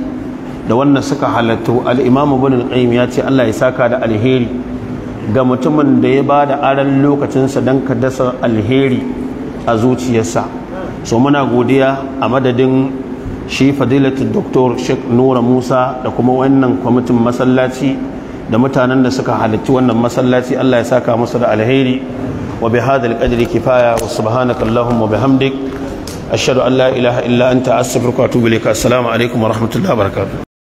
da wannan suka halattu al-Imam Ibn ya ce Allah ya saka da alheri ga mutumin da ya ba da aran lokacinsa don ka dasa alheri a zuciyarsa so muna godiya a madadin shi fadilatul doktor Sheikh Nura Musa da kuma wannan kwamitin masallaci da mutanen da suka halarci wannan masallaci Allah ya saka musu da alheri wa bi qadri kifaya wa subhanaka wa bihamdik ashhadu an la ilaha illa anta astaghfiruka wa atubu ilaik assalamu alaikum wa rahmatullahi wa barakatuh